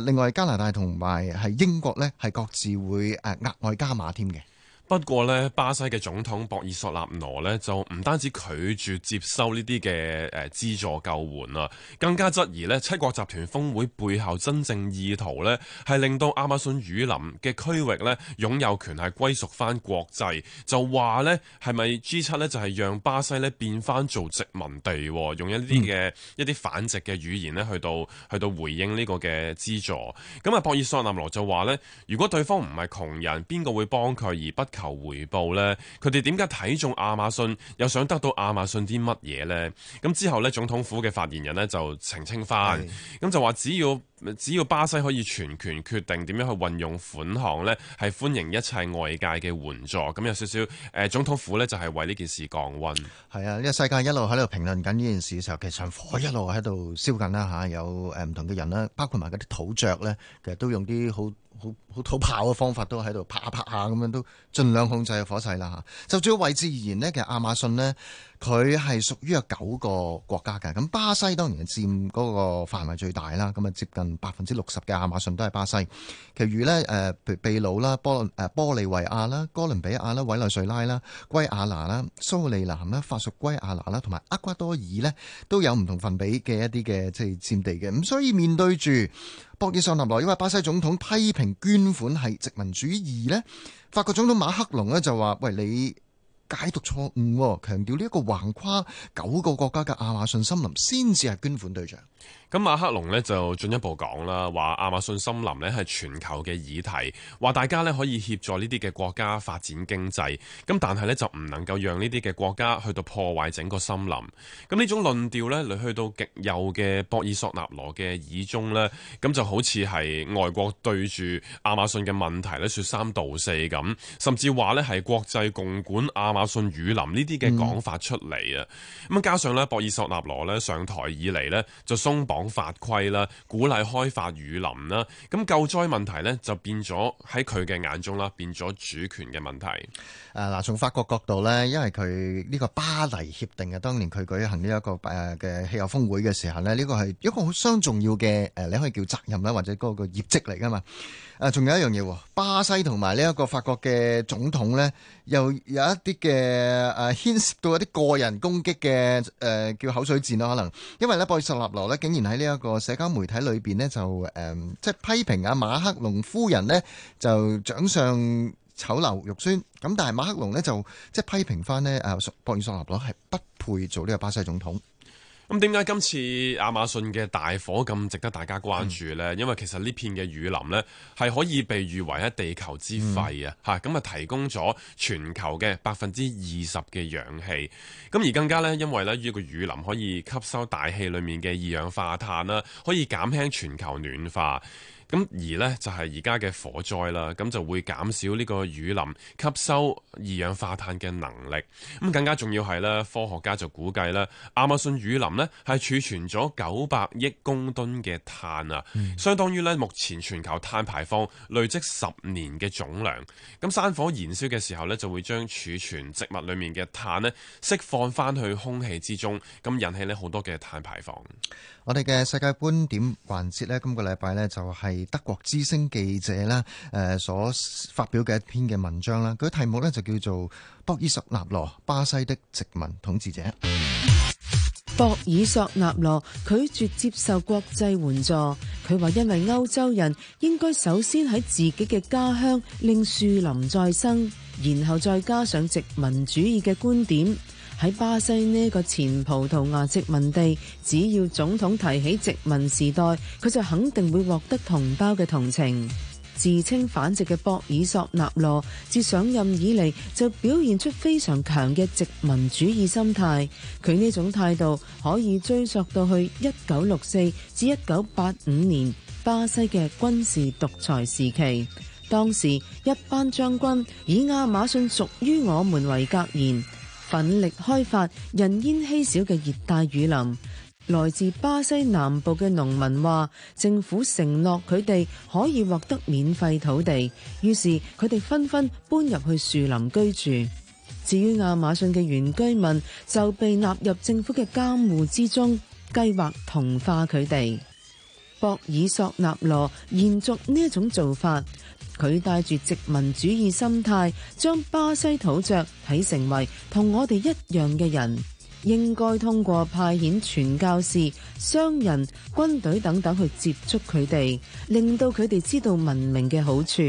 誒另外加拿大同埋係英國咧係各自會誒額外加碼添
嘅。不過呢，巴西嘅總統博爾索納羅呢就唔單止拒絕接收呢啲嘅誒資助救援啦，更加質疑呢七國集團峰會背後真正意圖呢，係令到亞馬遜雨林嘅區域呢擁有權係歸屬翻國際，就話呢係咪 G 七呢就係讓巴西呢變翻做殖民地，用一啲嘅、嗯、一啲反殖嘅語言呢去到去到回應呢個嘅資助。咁啊，博爾索納羅就話呢：「如果對方唔係窮人，邊個會幫佢而不？求回報呢？佢哋點解睇中亞馬遜又想得到亞馬遜啲乜嘢呢？咁之後呢，總統府嘅發言人呢就澄清返，咁就話只要只要巴西可以全權決定點樣去運用款項呢，係歡迎一切外界嘅援助。咁有少少誒，總統府呢，就係為呢件事降溫。
係啊，呢個世界一路喺度評論緊呢件事嘅時候，其實火一路喺度燒緊啦嚇，有誒唔同嘅人啦，包括埋嗰啲土著呢，其實都用啲好好好土炮嘅方法都喺度拍下拍下咁樣，都盡量控制個火勢啦吓。就最個位置而言呢，其實亞馬遜呢。佢係屬於有九個國家㗎，咁巴西當然係佔嗰個範圍最大啦，咁啊接近百分之六十嘅亞馬遜都係巴西。其餘咧，誒譬如秘魯啦、波玻利維亞啦、哥倫比亞啦、委內瑞拉啦、圭亞拿啦、蘇利南啦、法屬圭亞拿啦，同埋厄瓜多爾呢，都有唔同份比嘅一啲嘅即係佔地嘅。咁所以面對住博爾索納羅因為巴西總統批評捐款係殖民主義咧，法國總統馬克龍咧就話：喂你！解讀錯誤，強調呢一個橫跨九個國家嘅亞馬遜森林先至係捐款對象。
咁馬克龍咧就進一步講啦，話亞馬遜森林咧係全球嘅議題，話大家呢，可以協助呢啲嘅國家發展經濟，咁但係呢，就唔能夠讓呢啲嘅國家去到破壞整個森林。咁呢種論調呢，你去到極右嘅博爾索納羅嘅耳中呢，咁就好似係外國對住亞馬遜嘅問題咧説三道四咁，甚至話呢，係國際共管亞馬遜雨林呢啲嘅講法出嚟啊！咁、嗯、加上呢，博爾索納羅呢，上台以嚟呢，就鬆綁。法規啦，鼓勵開發雨林啦，咁救災問題咧就變咗喺佢嘅眼中啦，變咗主權嘅問題。
誒、呃，嗱，從法國角度咧，因為佢呢個巴黎協定啊，當年佢舉行呢、這、一個誒嘅氣候峰會嘅時候咧，呢、這個係一個好相重要嘅誒，你可以叫責任啦，或者嗰個業績嚟噶嘛。誒、啊，仲有一樣嘢，巴西同埋呢一個法國嘅總統咧，又有一啲嘅誒牽涉到一啲個人攻擊嘅誒叫口水戰啦，可能因為咧，博爾塞納羅咧竟然係。喺呢一個社交媒體裏邊咧，就誒即係批評阿馬克龍夫人呢，就長相醜陋肉酸。咁但係馬克龍咧就即係批評翻咧誒，博爾索納羅，係不配做呢個巴西總統。
咁點解今次亞馬遜嘅大火咁值得大家關注呢？因為其實呢片嘅雨林呢，係可以被譽為喺地球之肺啊！嚇咁啊，提供咗全球嘅百分之二十嘅氧氣。咁而更加呢，因為呢呢個雨林可以吸收大氣裏面嘅二氧化碳啦，可以減輕全球暖化。咁而呢就係而家嘅火災啦，咁就會減少呢個雨林吸收二氧化碳嘅能力。咁更加重要係呢，科學家就估計啦，亞馬遜雨林呢係儲存咗九百億公噸嘅碳啊，嗯、相當於呢目前全球碳排放累積十年嘅總量。咁山火燃燒嘅時候呢，就會將儲存植物裡面嘅碳呢釋放翻去空氣之中，咁引起呢好多嘅碳排放。
我哋嘅世界觀點環節呢，今個禮拜呢就係、是。係德國之聲記者啦，誒所發表嘅一篇嘅文章啦，佢嘅題目咧就叫做博爾索納羅：巴西的殖民統治者。
博爾索納羅拒絕接受國際援助，佢話因為歐洲人應該首先喺自己嘅家鄉令樹林再生，然後再加上殖民主義嘅觀點。喺巴西呢個前葡萄牙殖民地，只要總統提起殖民時代，佢就肯定會獲得同胞嘅同情。自稱反殖嘅博爾索納羅自上任以嚟就表現出非常強嘅殖民主義心態。佢呢種態度可以追溯到去一九六四至一九八五年巴西嘅軍事獨裁時期。當時一班將軍以亞馬遜屬於我們為格言。奮力開發人煙稀少嘅熱帶雨林，來自巴西南部嘅農民話，政府承諾佢哋可以獲得免費土地，於是佢哋紛紛搬入去樹林居住。至於亞馬遜嘅原居民，就被納入政府嘅監護之中，計劃同化佢哋。博爾索納羅延續呢一種做法。佢帶住殖民主義心態，將巴西土著睇成為同我哋一樣嘅人，應該通過派遣傳教士、商人、軍隊等等去接觸佢哋，令到佢哋知道文明嘅好處。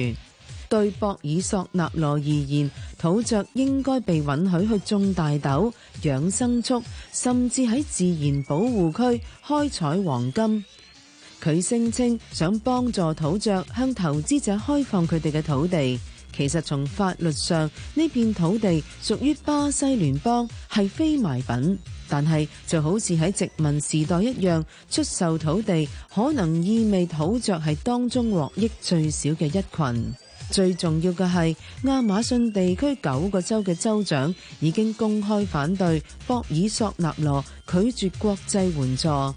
對博爾索納羅而言，土著應該被允許去種大豆、養牲畜，甚至喺自然保護區開採黃金。佢聲稱想幫助土著向投資者開放佢哋嘅土地。其實從法律上呢片土地屬於巴西聯邦係非賣品，但係就好似喺殖民時代一樣，出售土地可能意味土著係當中獲益最少嘅一群。最重要嘅係，亞馬遜地區九個州嘅州長已經公開反對博爾索納羅拒絕國際援助。亞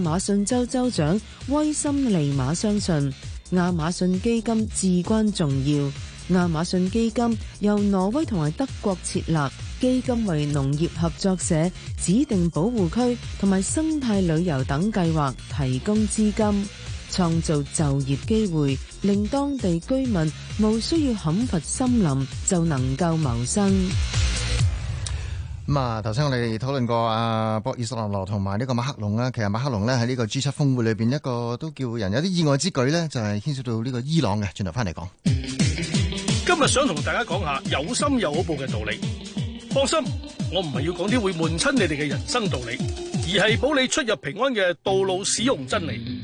馬遜州州長威森利馬相信亞馬遜基金至關重要。亞馬遜基金由挪威同埋德國設立，基金為農業合作社、指定保護區同埋生態旅遊等計劃提供資金，創造就業機會，令當地居民無需要砍伐森林就能夠謀生。咁
啊、嗯，頭先我哋討論過阿、啊、博爾索納羅同埋呢個馬克龍啦，其實馬克龍咧喺呢個 G 七峰會裏邊一個都叫人有啲意外之舉咧，就係、是、牽涉到呢個伊朗嘅，轉頭翻嚟講。今日想同大家講下
有心有好報嘅道理。放心，我唔係要講啲會悶親你哋嘅人生道理，而係保你出入平安嘅道路使用真理。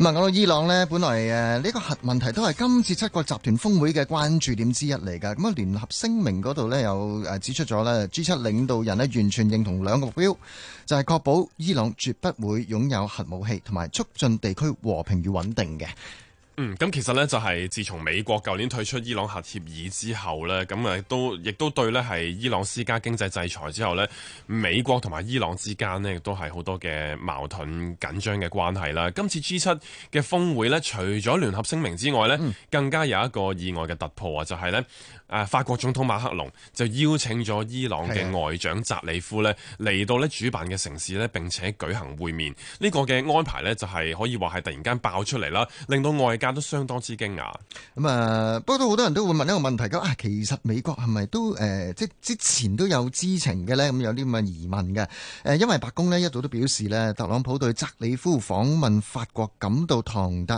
咁啊，講到伊朗呢本來誒呢個核問題都係今次七國集團峰會嘅關注點之一嚟噶。咁啊，聯合聲明嗰度呢有誒指出咗咧，G7 領導人咧完全認同兩個目標，就係、是、確保伊朗絕不會擁有核武器，同埋促進地區和平與穩定嘅。
嗯，咁其實呢，就係自從美國舊年退出伊朗核協議之後呢，咁啊，都亦都對呢係伊朗施加經濟制裁之後呢，美國同埋伊朗之間呢，亦都係好多嘅矛盾緊張嘅關係啦。今次 G 七嘅峰會呢，除咗聯合聲明之外呢，嗯、更加有一個意外嘅突破啊，就係呢，誒法國總統馬克龍就邀請咗伊朗嘅外長扎里夫呢嚟到呢主辦嘅城市呢，並且舉行會面。呢、呢個嘅安排呢，就係可以話係突然間爆出嚟啦，令到外家都相當之驚訝
咁啊！不過都好多人都會問一個問題咁啊，其實美國係咪都誒，即之前都有知情嘅呢？咁有啲咁嘅疑問嘅誒，因為白宮咧一度都表示咧，特朗普對澤里夫訪問法國感到唐突。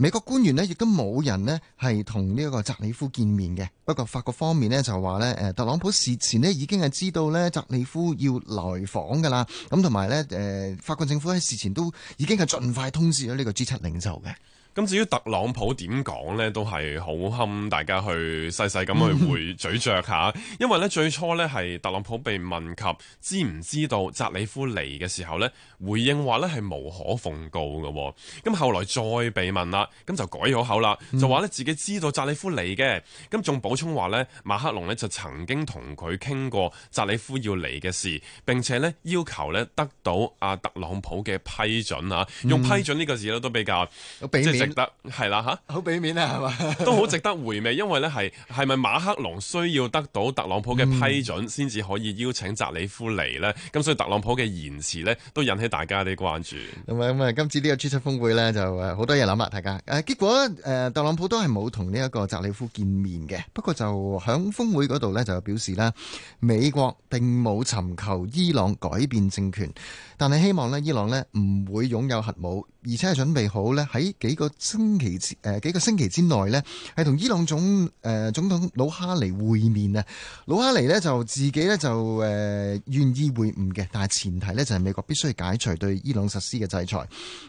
美國官員咧亦都冇人咧係同呢一個澤里夫見面嘅。不過法國方面咧就話咧誒，特朗普事前咧已經係知道咧澤里夫要來訪噶啦。咁同埋咧誒，法國政府喺事前都已經係盡快通知咗呢個 G7 領袖嘅。
咁至於特朗普點講呢，都係好堪大家去細細咁去回嘴嚼下。 因為呢最初呢，係特朗普被問及知唔知道扎里夫嚟嘅時候呢，回應話呢係無可奉告嘅。咁後來再被問啦，咁就改好口啦，改咗口，就話呢自己知道扎里夫嚟嘅。咁仲補充話呢，馬克龍呢就曾經同佢傾過扎里夫要嚟嘅事，並且呢要求呢得到阿特朗普嘅批准啊。用批准呢個字呢都比較、嗯即得係啦嚇，好俾面啊，係嘛？ 都好值得回味，因為咧係係咪馬克龍需要得到特朗普嘅批准先至可以邀請澤里夫嚟呢，咁、嗯、所以特朗普嘅言辭呢都引起大家啲關注。
咁啊、嗯嗯、今次呢個 G 七峰會呢，就好多嘢諗啊，大家。誒、啊、結果誒、呃，特朗普都係冇同呢一個澤里夫見面嘅。不過就響峰會嗰度呢，就表示咧，美國並冇尋求伊朗改變政權，但係希望呢，伊朗呢唔會擁有核武，而且係準備好呢喺幾個。星期之幾、呃、幾個星期之內呢係同伊朗總誒、呃、總統魯哈尼會面啊。魯哈尼呢就自己呢就誒、呃、願意會晤嘅，但前提呢就係、是、美國必須解除對伊朗實施嘅制裁。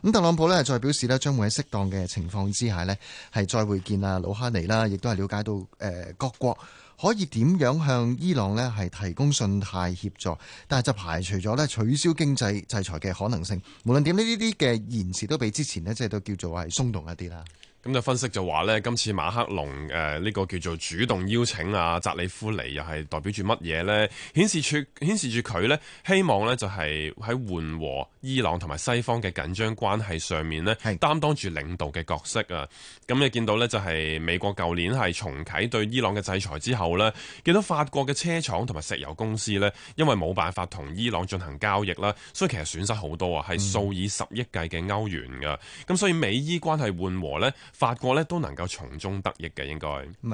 咁特朗普呢再表示呢將會喺適當嘅情況之下呢，係再會見啊魯哈尼啦，亦都係了解到誒、呃、各國。可以點樣向伊朗呢係提供信貸協助？但係就排除咗咧取消經濟制裁嘅可能性。無論點呢，啲嘅言辭都比之前呢即係都叫做係鬆動一啲啦。
咁就分析就話呢，今次馬克龍誒呢、呃呢個叫做主動邀請啊，扎里夫嚟又係代表住乜嘢呢？顯示出顯示住佢呢，希望呢就係、是、喺緩和伊朗同埋西方嘅緊張關係上面呢擔當住領導嘅角色啊！咁是你見到呢，就係、是、美國舊年係重啟對伊朗嘅制裁之後呢，見到法國嘅車廠同埋石油公司呢，因為冇辦法同伊朗進行交易啦，所以其實損失好多啊，係數以十億計嘅歐元噶。咁、嗯、所以美伊關係緩和呢。法國呢都能夠從中得益嘅，應該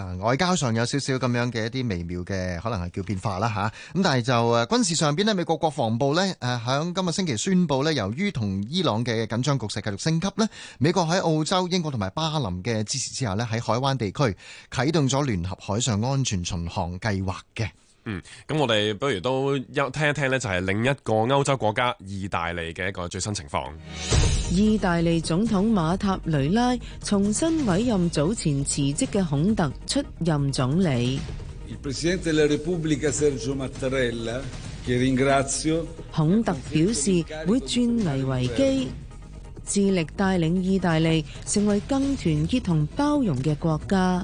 啊，外交上有少少咁樣嘅一啲微妙嘅，可能係叫變化啦吓，咁但係就誒軍事上邊，呢美國國防部呢，誒、呃、響今日星期宣布呢，由於同伊朗嘅緊張局勢繼續升級呢，美國喺澳洲、英國同埋巴林嘅支持之下呢，喺海灣地區啟動咗聯合海上安全巡航計劃嘅。
嗯，咁我哋不如都一聽一聽呢就係另一個歐洲國家意大利嘅一個最新情況。
意大利總統馬塔雷拉重新委任早前辭職嘅孔特出任總理。
Republic, Mattarella,
孔特表示會轉危為機，致力帶領意大利成為更團結同包容嘅國家。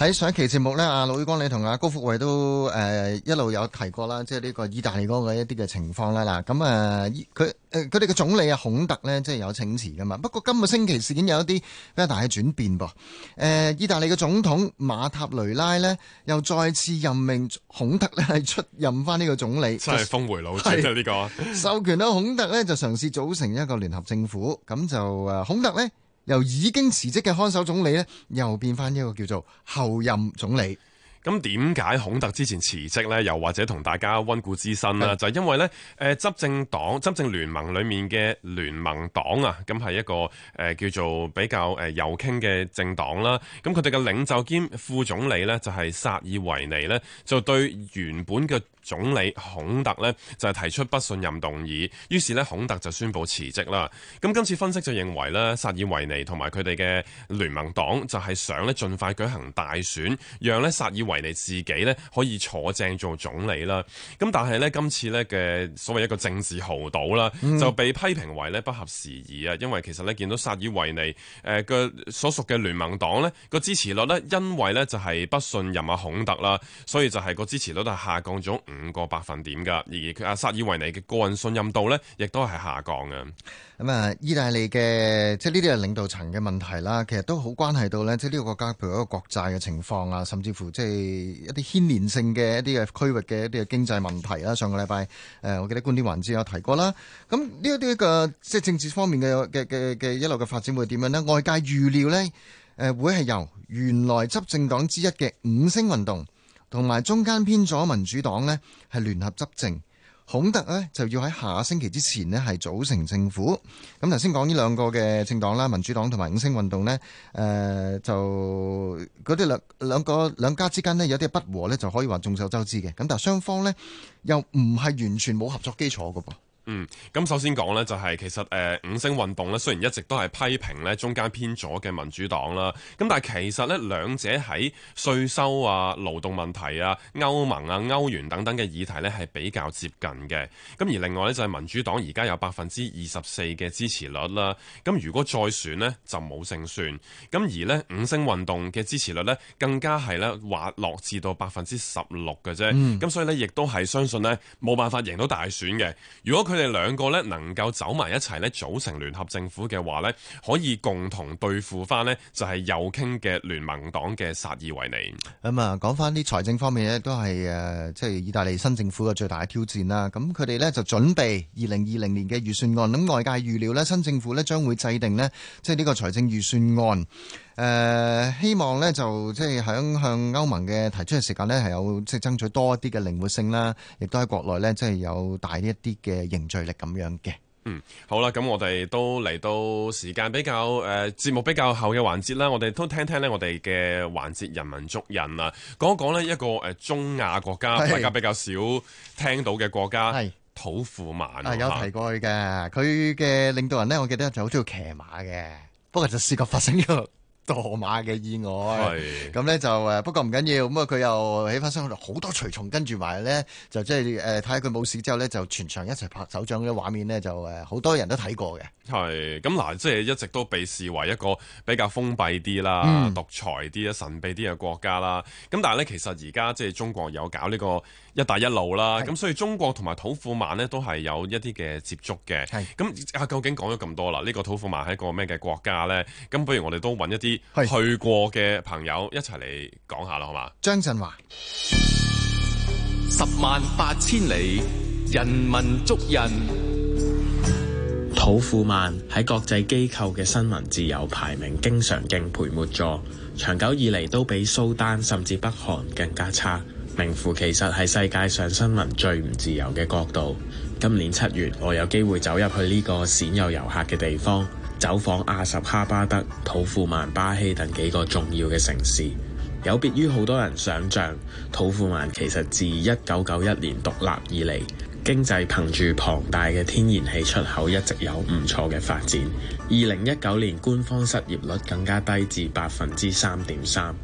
喺上一期節目咧，阿盧宇光你同阿高福慧都誒、呃、一路有提過啦，即係呢個意大利嗰個一啲嘅情況啦。嗱，咁誒佢佢哋嘅總理啊，孔特咧，即係有請辭㗎嘛。不過今個星期事件有一啲比較大嘅轉變噃。誒、呃，意大利嘅總統馬塔雷拉咧，又再次任命孔特咧係出任翻呢個總理。真係峰回路轉呢是、這個 授權啦，孔特咧就嘗試組成一個聯合政府，咁就誒、呃、孔特咧。由已經辭職嘅看守總理呢，又變翻一個叫做後任總理。
咁點解孔特之前辭職呢？又或者同大家溫故知新啦？嗯、就係因為呢，誒，執政黨、執政聯盟裏面嘅聯盟黨啊，咁、嗯、係一個誒、呃、叫做比較誒右傾嘅政黨啦、啊。咁佢哋嘅領袖兼副總理呢，就係薩爾維尼呢，就對原本嘅。總理孔特呢，就係、是、提出不信任動議，於是呢，孔特就宣布辭職啦。咁今次分析就認為呢，薩爾維尼同埋佢哋嘅聯盟黨就係想呢，盡快舉行大選，讓呢薩爾維尼自己呢，可以坐正做總理啦。咁但係呢，今次呢嘅所謂一個政治豪賭啦，嗯、就被批評為呢不合時宜啊，因為其實呢，見到薩爾維尼誒個、呃、所屬嘅聯盟黨呢個支持率呢，因為呢就係、是、不信任啊孔特啦，所以就係個支持率都係下降咗。五個百分點噶，而佢阿薩爾維尼嘅個人信任度呢，亦都係下降嘅。
咁啊，意大利嘅即係呢啲係領導層嘅問題啦，其實都好關係到呢，即係呢個國家譬如一個國債嘅情況啊，甚至乎即係一啲牽連性嘅一啲嘅區域嘅一啲嘅經濟問題啦。上個禮拜誒，我記得觀點環節有提過啦。咁呢一啲嘅即係政治方面嘅嘅嘅嘅一路嘅發展會點樣呢？外界預料呢，誒，會係由原來執政黨之一嘅五星運動。同埋中間偏咗民主黨呢，係聯合執政，孔特呢就要喺下星期之前呢係組成政府。咁頭先講呢兩個嘅政黨啦，民主黨同埋五星運動呢，誒、呃、就嗰啲兩兩個兩家之間呢，有啲不和呢就可以話眾所周知嘅。咁但係雙方呢，又唔係完全冇合作基礎
㗎噃。嗯，咁首先講呢，就係其實誒、呃、五星運動呢，雖然一直都係批評呢中間偏左嘅民主黨啦，咁但係其實呢，兩者喺稅收啊、勞動問題啊、歐盟啊、歐元等等嘅議題呢，係比較接近嘅。咁而另外呢，就係民主黨而家有百分之二十四嘅支持率啦，咁如果再選呢，就冇勝算。咁而呢五星運動嘅支持率呢，更加係呢滑落至到百分之十六嘅啫。咁、嗯、所以呢，亦都係相信呢，冇辦法贏到大選嘅。如果佢即係兩個咧，能夠走埋一齊咧，組成聯合政府嘅話咧，可以共同對付翻呢就係右傾嘅聯盟黨嘅薩爾維尼。
咁啊、嗯，講翻啲財政方面咧，都係誒，即係意大利新政府嘅最大嘅挑戰啦。咁佢哋咧，就準備二零二零年嘅預算案。咁外界預料呢，新政府呢將會制定呢，即係呢個財政預算案。誒、呃，希望呢，就即係響向歐盟嘅提出嘅時間呢，係有即係爭取多一啲嘅靈活性啦，亦都喺國內呢，即、就、係、是、有大一啲嘅凝聚力咁樣嘅。嗯，
好啦，咁我哋都嚟到時間比較誒節、呃、目比較後嘅環節啦，我哋都聽聽呢，我哋嘅環節人民族人啊，講一講咧一個誒中亞國家，大家比較少聽到嘅國家，是是土庫曼。啊，有提
過去嘅，佢嘅嗎領導人呢，我記得就好中意騎馬嘅，不過就試過發生咗，墮馬嘅意外，咁咧是就誒，不過唔緊要，咁啊佢又起翻身，好多隨從跟住埋咧，就即係誒睇下佢冇事之後咧，就全場一齊拍手掌嘅畫面咧，就誒好、呃、多人都睇過嘅。
係咁嗱，即係一直都被視為一個比較封閉啲啦、嗯、獨裁啲啊、神秘啲嘅國家啦。咁但係咧，其實而家即係中國有搞呢、這個。一帶一路啦，咁是所以中國同埋土庫曼呢都係有一啲嘅接觸嘅。咁啊是，究竟講咗咁多啦？呢、這個土庫曼係一個咩嘅國家咧？咁不如我哋都揾一啲去過嘅朋友一齊嚟講下啦，是好嘛吧？張振華，十萬八千里，人民足
印。土庫曼喺國際機構嘅新聞自由排名經常敬陪末座，長久以嚟都比蘇丹甚至北韓更加差。名符其實係世界上新聞最唔自由嘅國度。今年七月，我有機會走入去呢個鮮有遊客嘅地方，走訪阿什哈巴德、土庫曼巴希等幾個重要嘅城市。有別於好多人想像，土庫曼其實自一九九一年獨立以嚟。經濟憑住龐大嘅天然氣出口，一直有唔錯嘅發展。二零一九年官方失業率更加低至百分之三點三，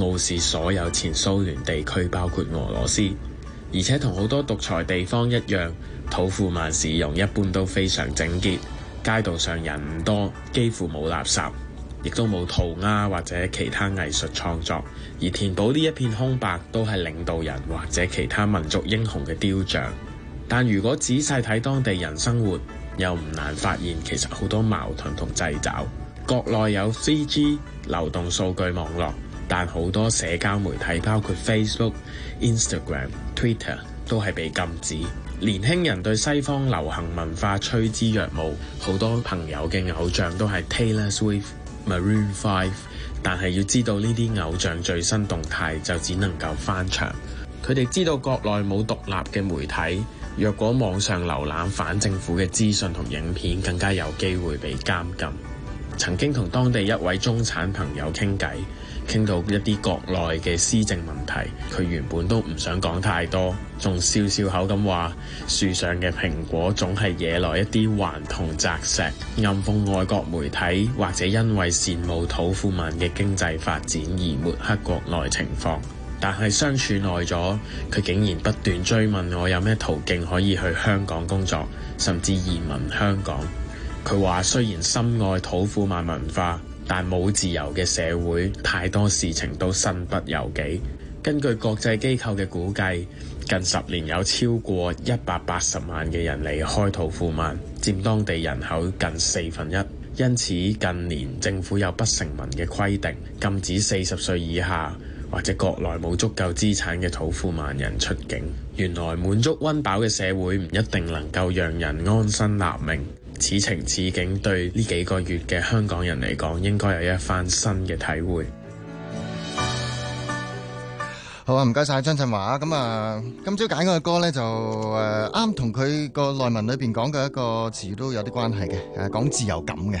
傲視所有前蘇聯地區，包括俄羅斯。而且同好多獨裁地方一樣，土庫曼市容一般都非常整潔，街道上人唔多，幾乎冇垃圾，亦都冇塗鴉或者其他藝術創作。而填補呢一片空白，都係領導人或者其他民族英雄嘅雕像。但如果仔細睇當地人生活，又唔難發現其實好多矛盾同掣肘。國內有四 G 流動數據網絡，但好多社交媒體，包括 Facebook、Instagram、Twitter 都係被禁止。年輕人對西方流行文化趨之若鶩，好多朋友嘅偶像都係 Taylor Swift、Maroon Five，但係要知道呢啲偶像最新動態就只能夠翻牆。佢哋知道國內冇獨立嘅媒體。若果網上瀏覽反政府嘅資訊同影片，更加有機會被監禁。曾經同當地一位中產朋友傾偈，傾到一啲國內嘅施政問題，佢原本都唔想講太多，仲笑笑口咁話：樹上嘅蘋果總係惹來一啲頑童擲石。暗諷外國媒體，或者因為羨慕土富民嘅經濟發展而抹黑國內情況。但係相處耐咗，佢竟然不斷追問我有咩途徑可以去香港工作，甚至移民香港。佢話：雖然深愛土庫曼文化，但冇自由嘅社會，太多事情都身不由己。根據國際機構嘅估計，近十年有超過一百八十萬嘅人離開土庫曼，佔當地人口近四分一。因此近年政府有不成文嘅規定，禁止四十歲以下，或者國內冇足夠資產嘅土富萬人出境。原來滿足溫飽嘅社會唔一定能夠讓人安身立命。此情此景，對呢幾個月嘅香港人嚟講，應該有一番新嘅體會好。好
啊，唔該晒張振華啊！咁、呃、啊，今朝揀嗰個歌呢，就誒啱同佢個內文裏邊講嘅一個詞都有啲關係嘅，誒講自由感嘅。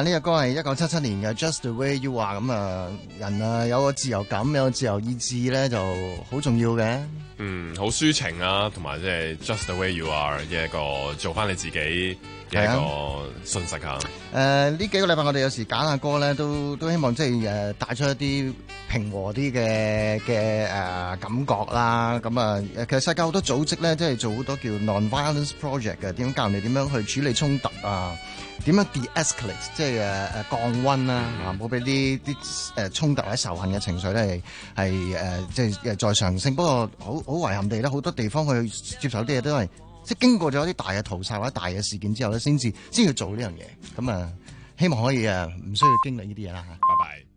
呢個、嗯、歌係一九七七年嘅《Just the Way You Are》咁啊、嗯，人啊有個自由感、有個自由意志咧就好重要嘅。嗯，
好抒情啊，同埋即係《Just the Way You Are》嘅一個做翻你自己嘅、啊、一個信息啊。
誒、呃，呢幾個禮拜我哋有時揀下歌咧，都都希望即係帶出一啲平和啲嘅嘅感覺啦。咁、嗯、啊，其實世界好多組織咧，即係做好多叫 Non-Violence Project 嘅，點教人哋點樣去處理衝突啊？點樣 deescalate，即係誒降溫啦，啊，冇俾啲啲誒衝突或者仇恨嘅情緒咧係係即係再上升。不過好好遺憾地咧，好多地方去接受啲嘢都係即係經過咗啲大嘅屠殺或者大嘅事件之後咧，先至先要做呢樣嘢。咁啊，希望可以啊，唔需要經歷呢啲嘢啦嚇。拜拜。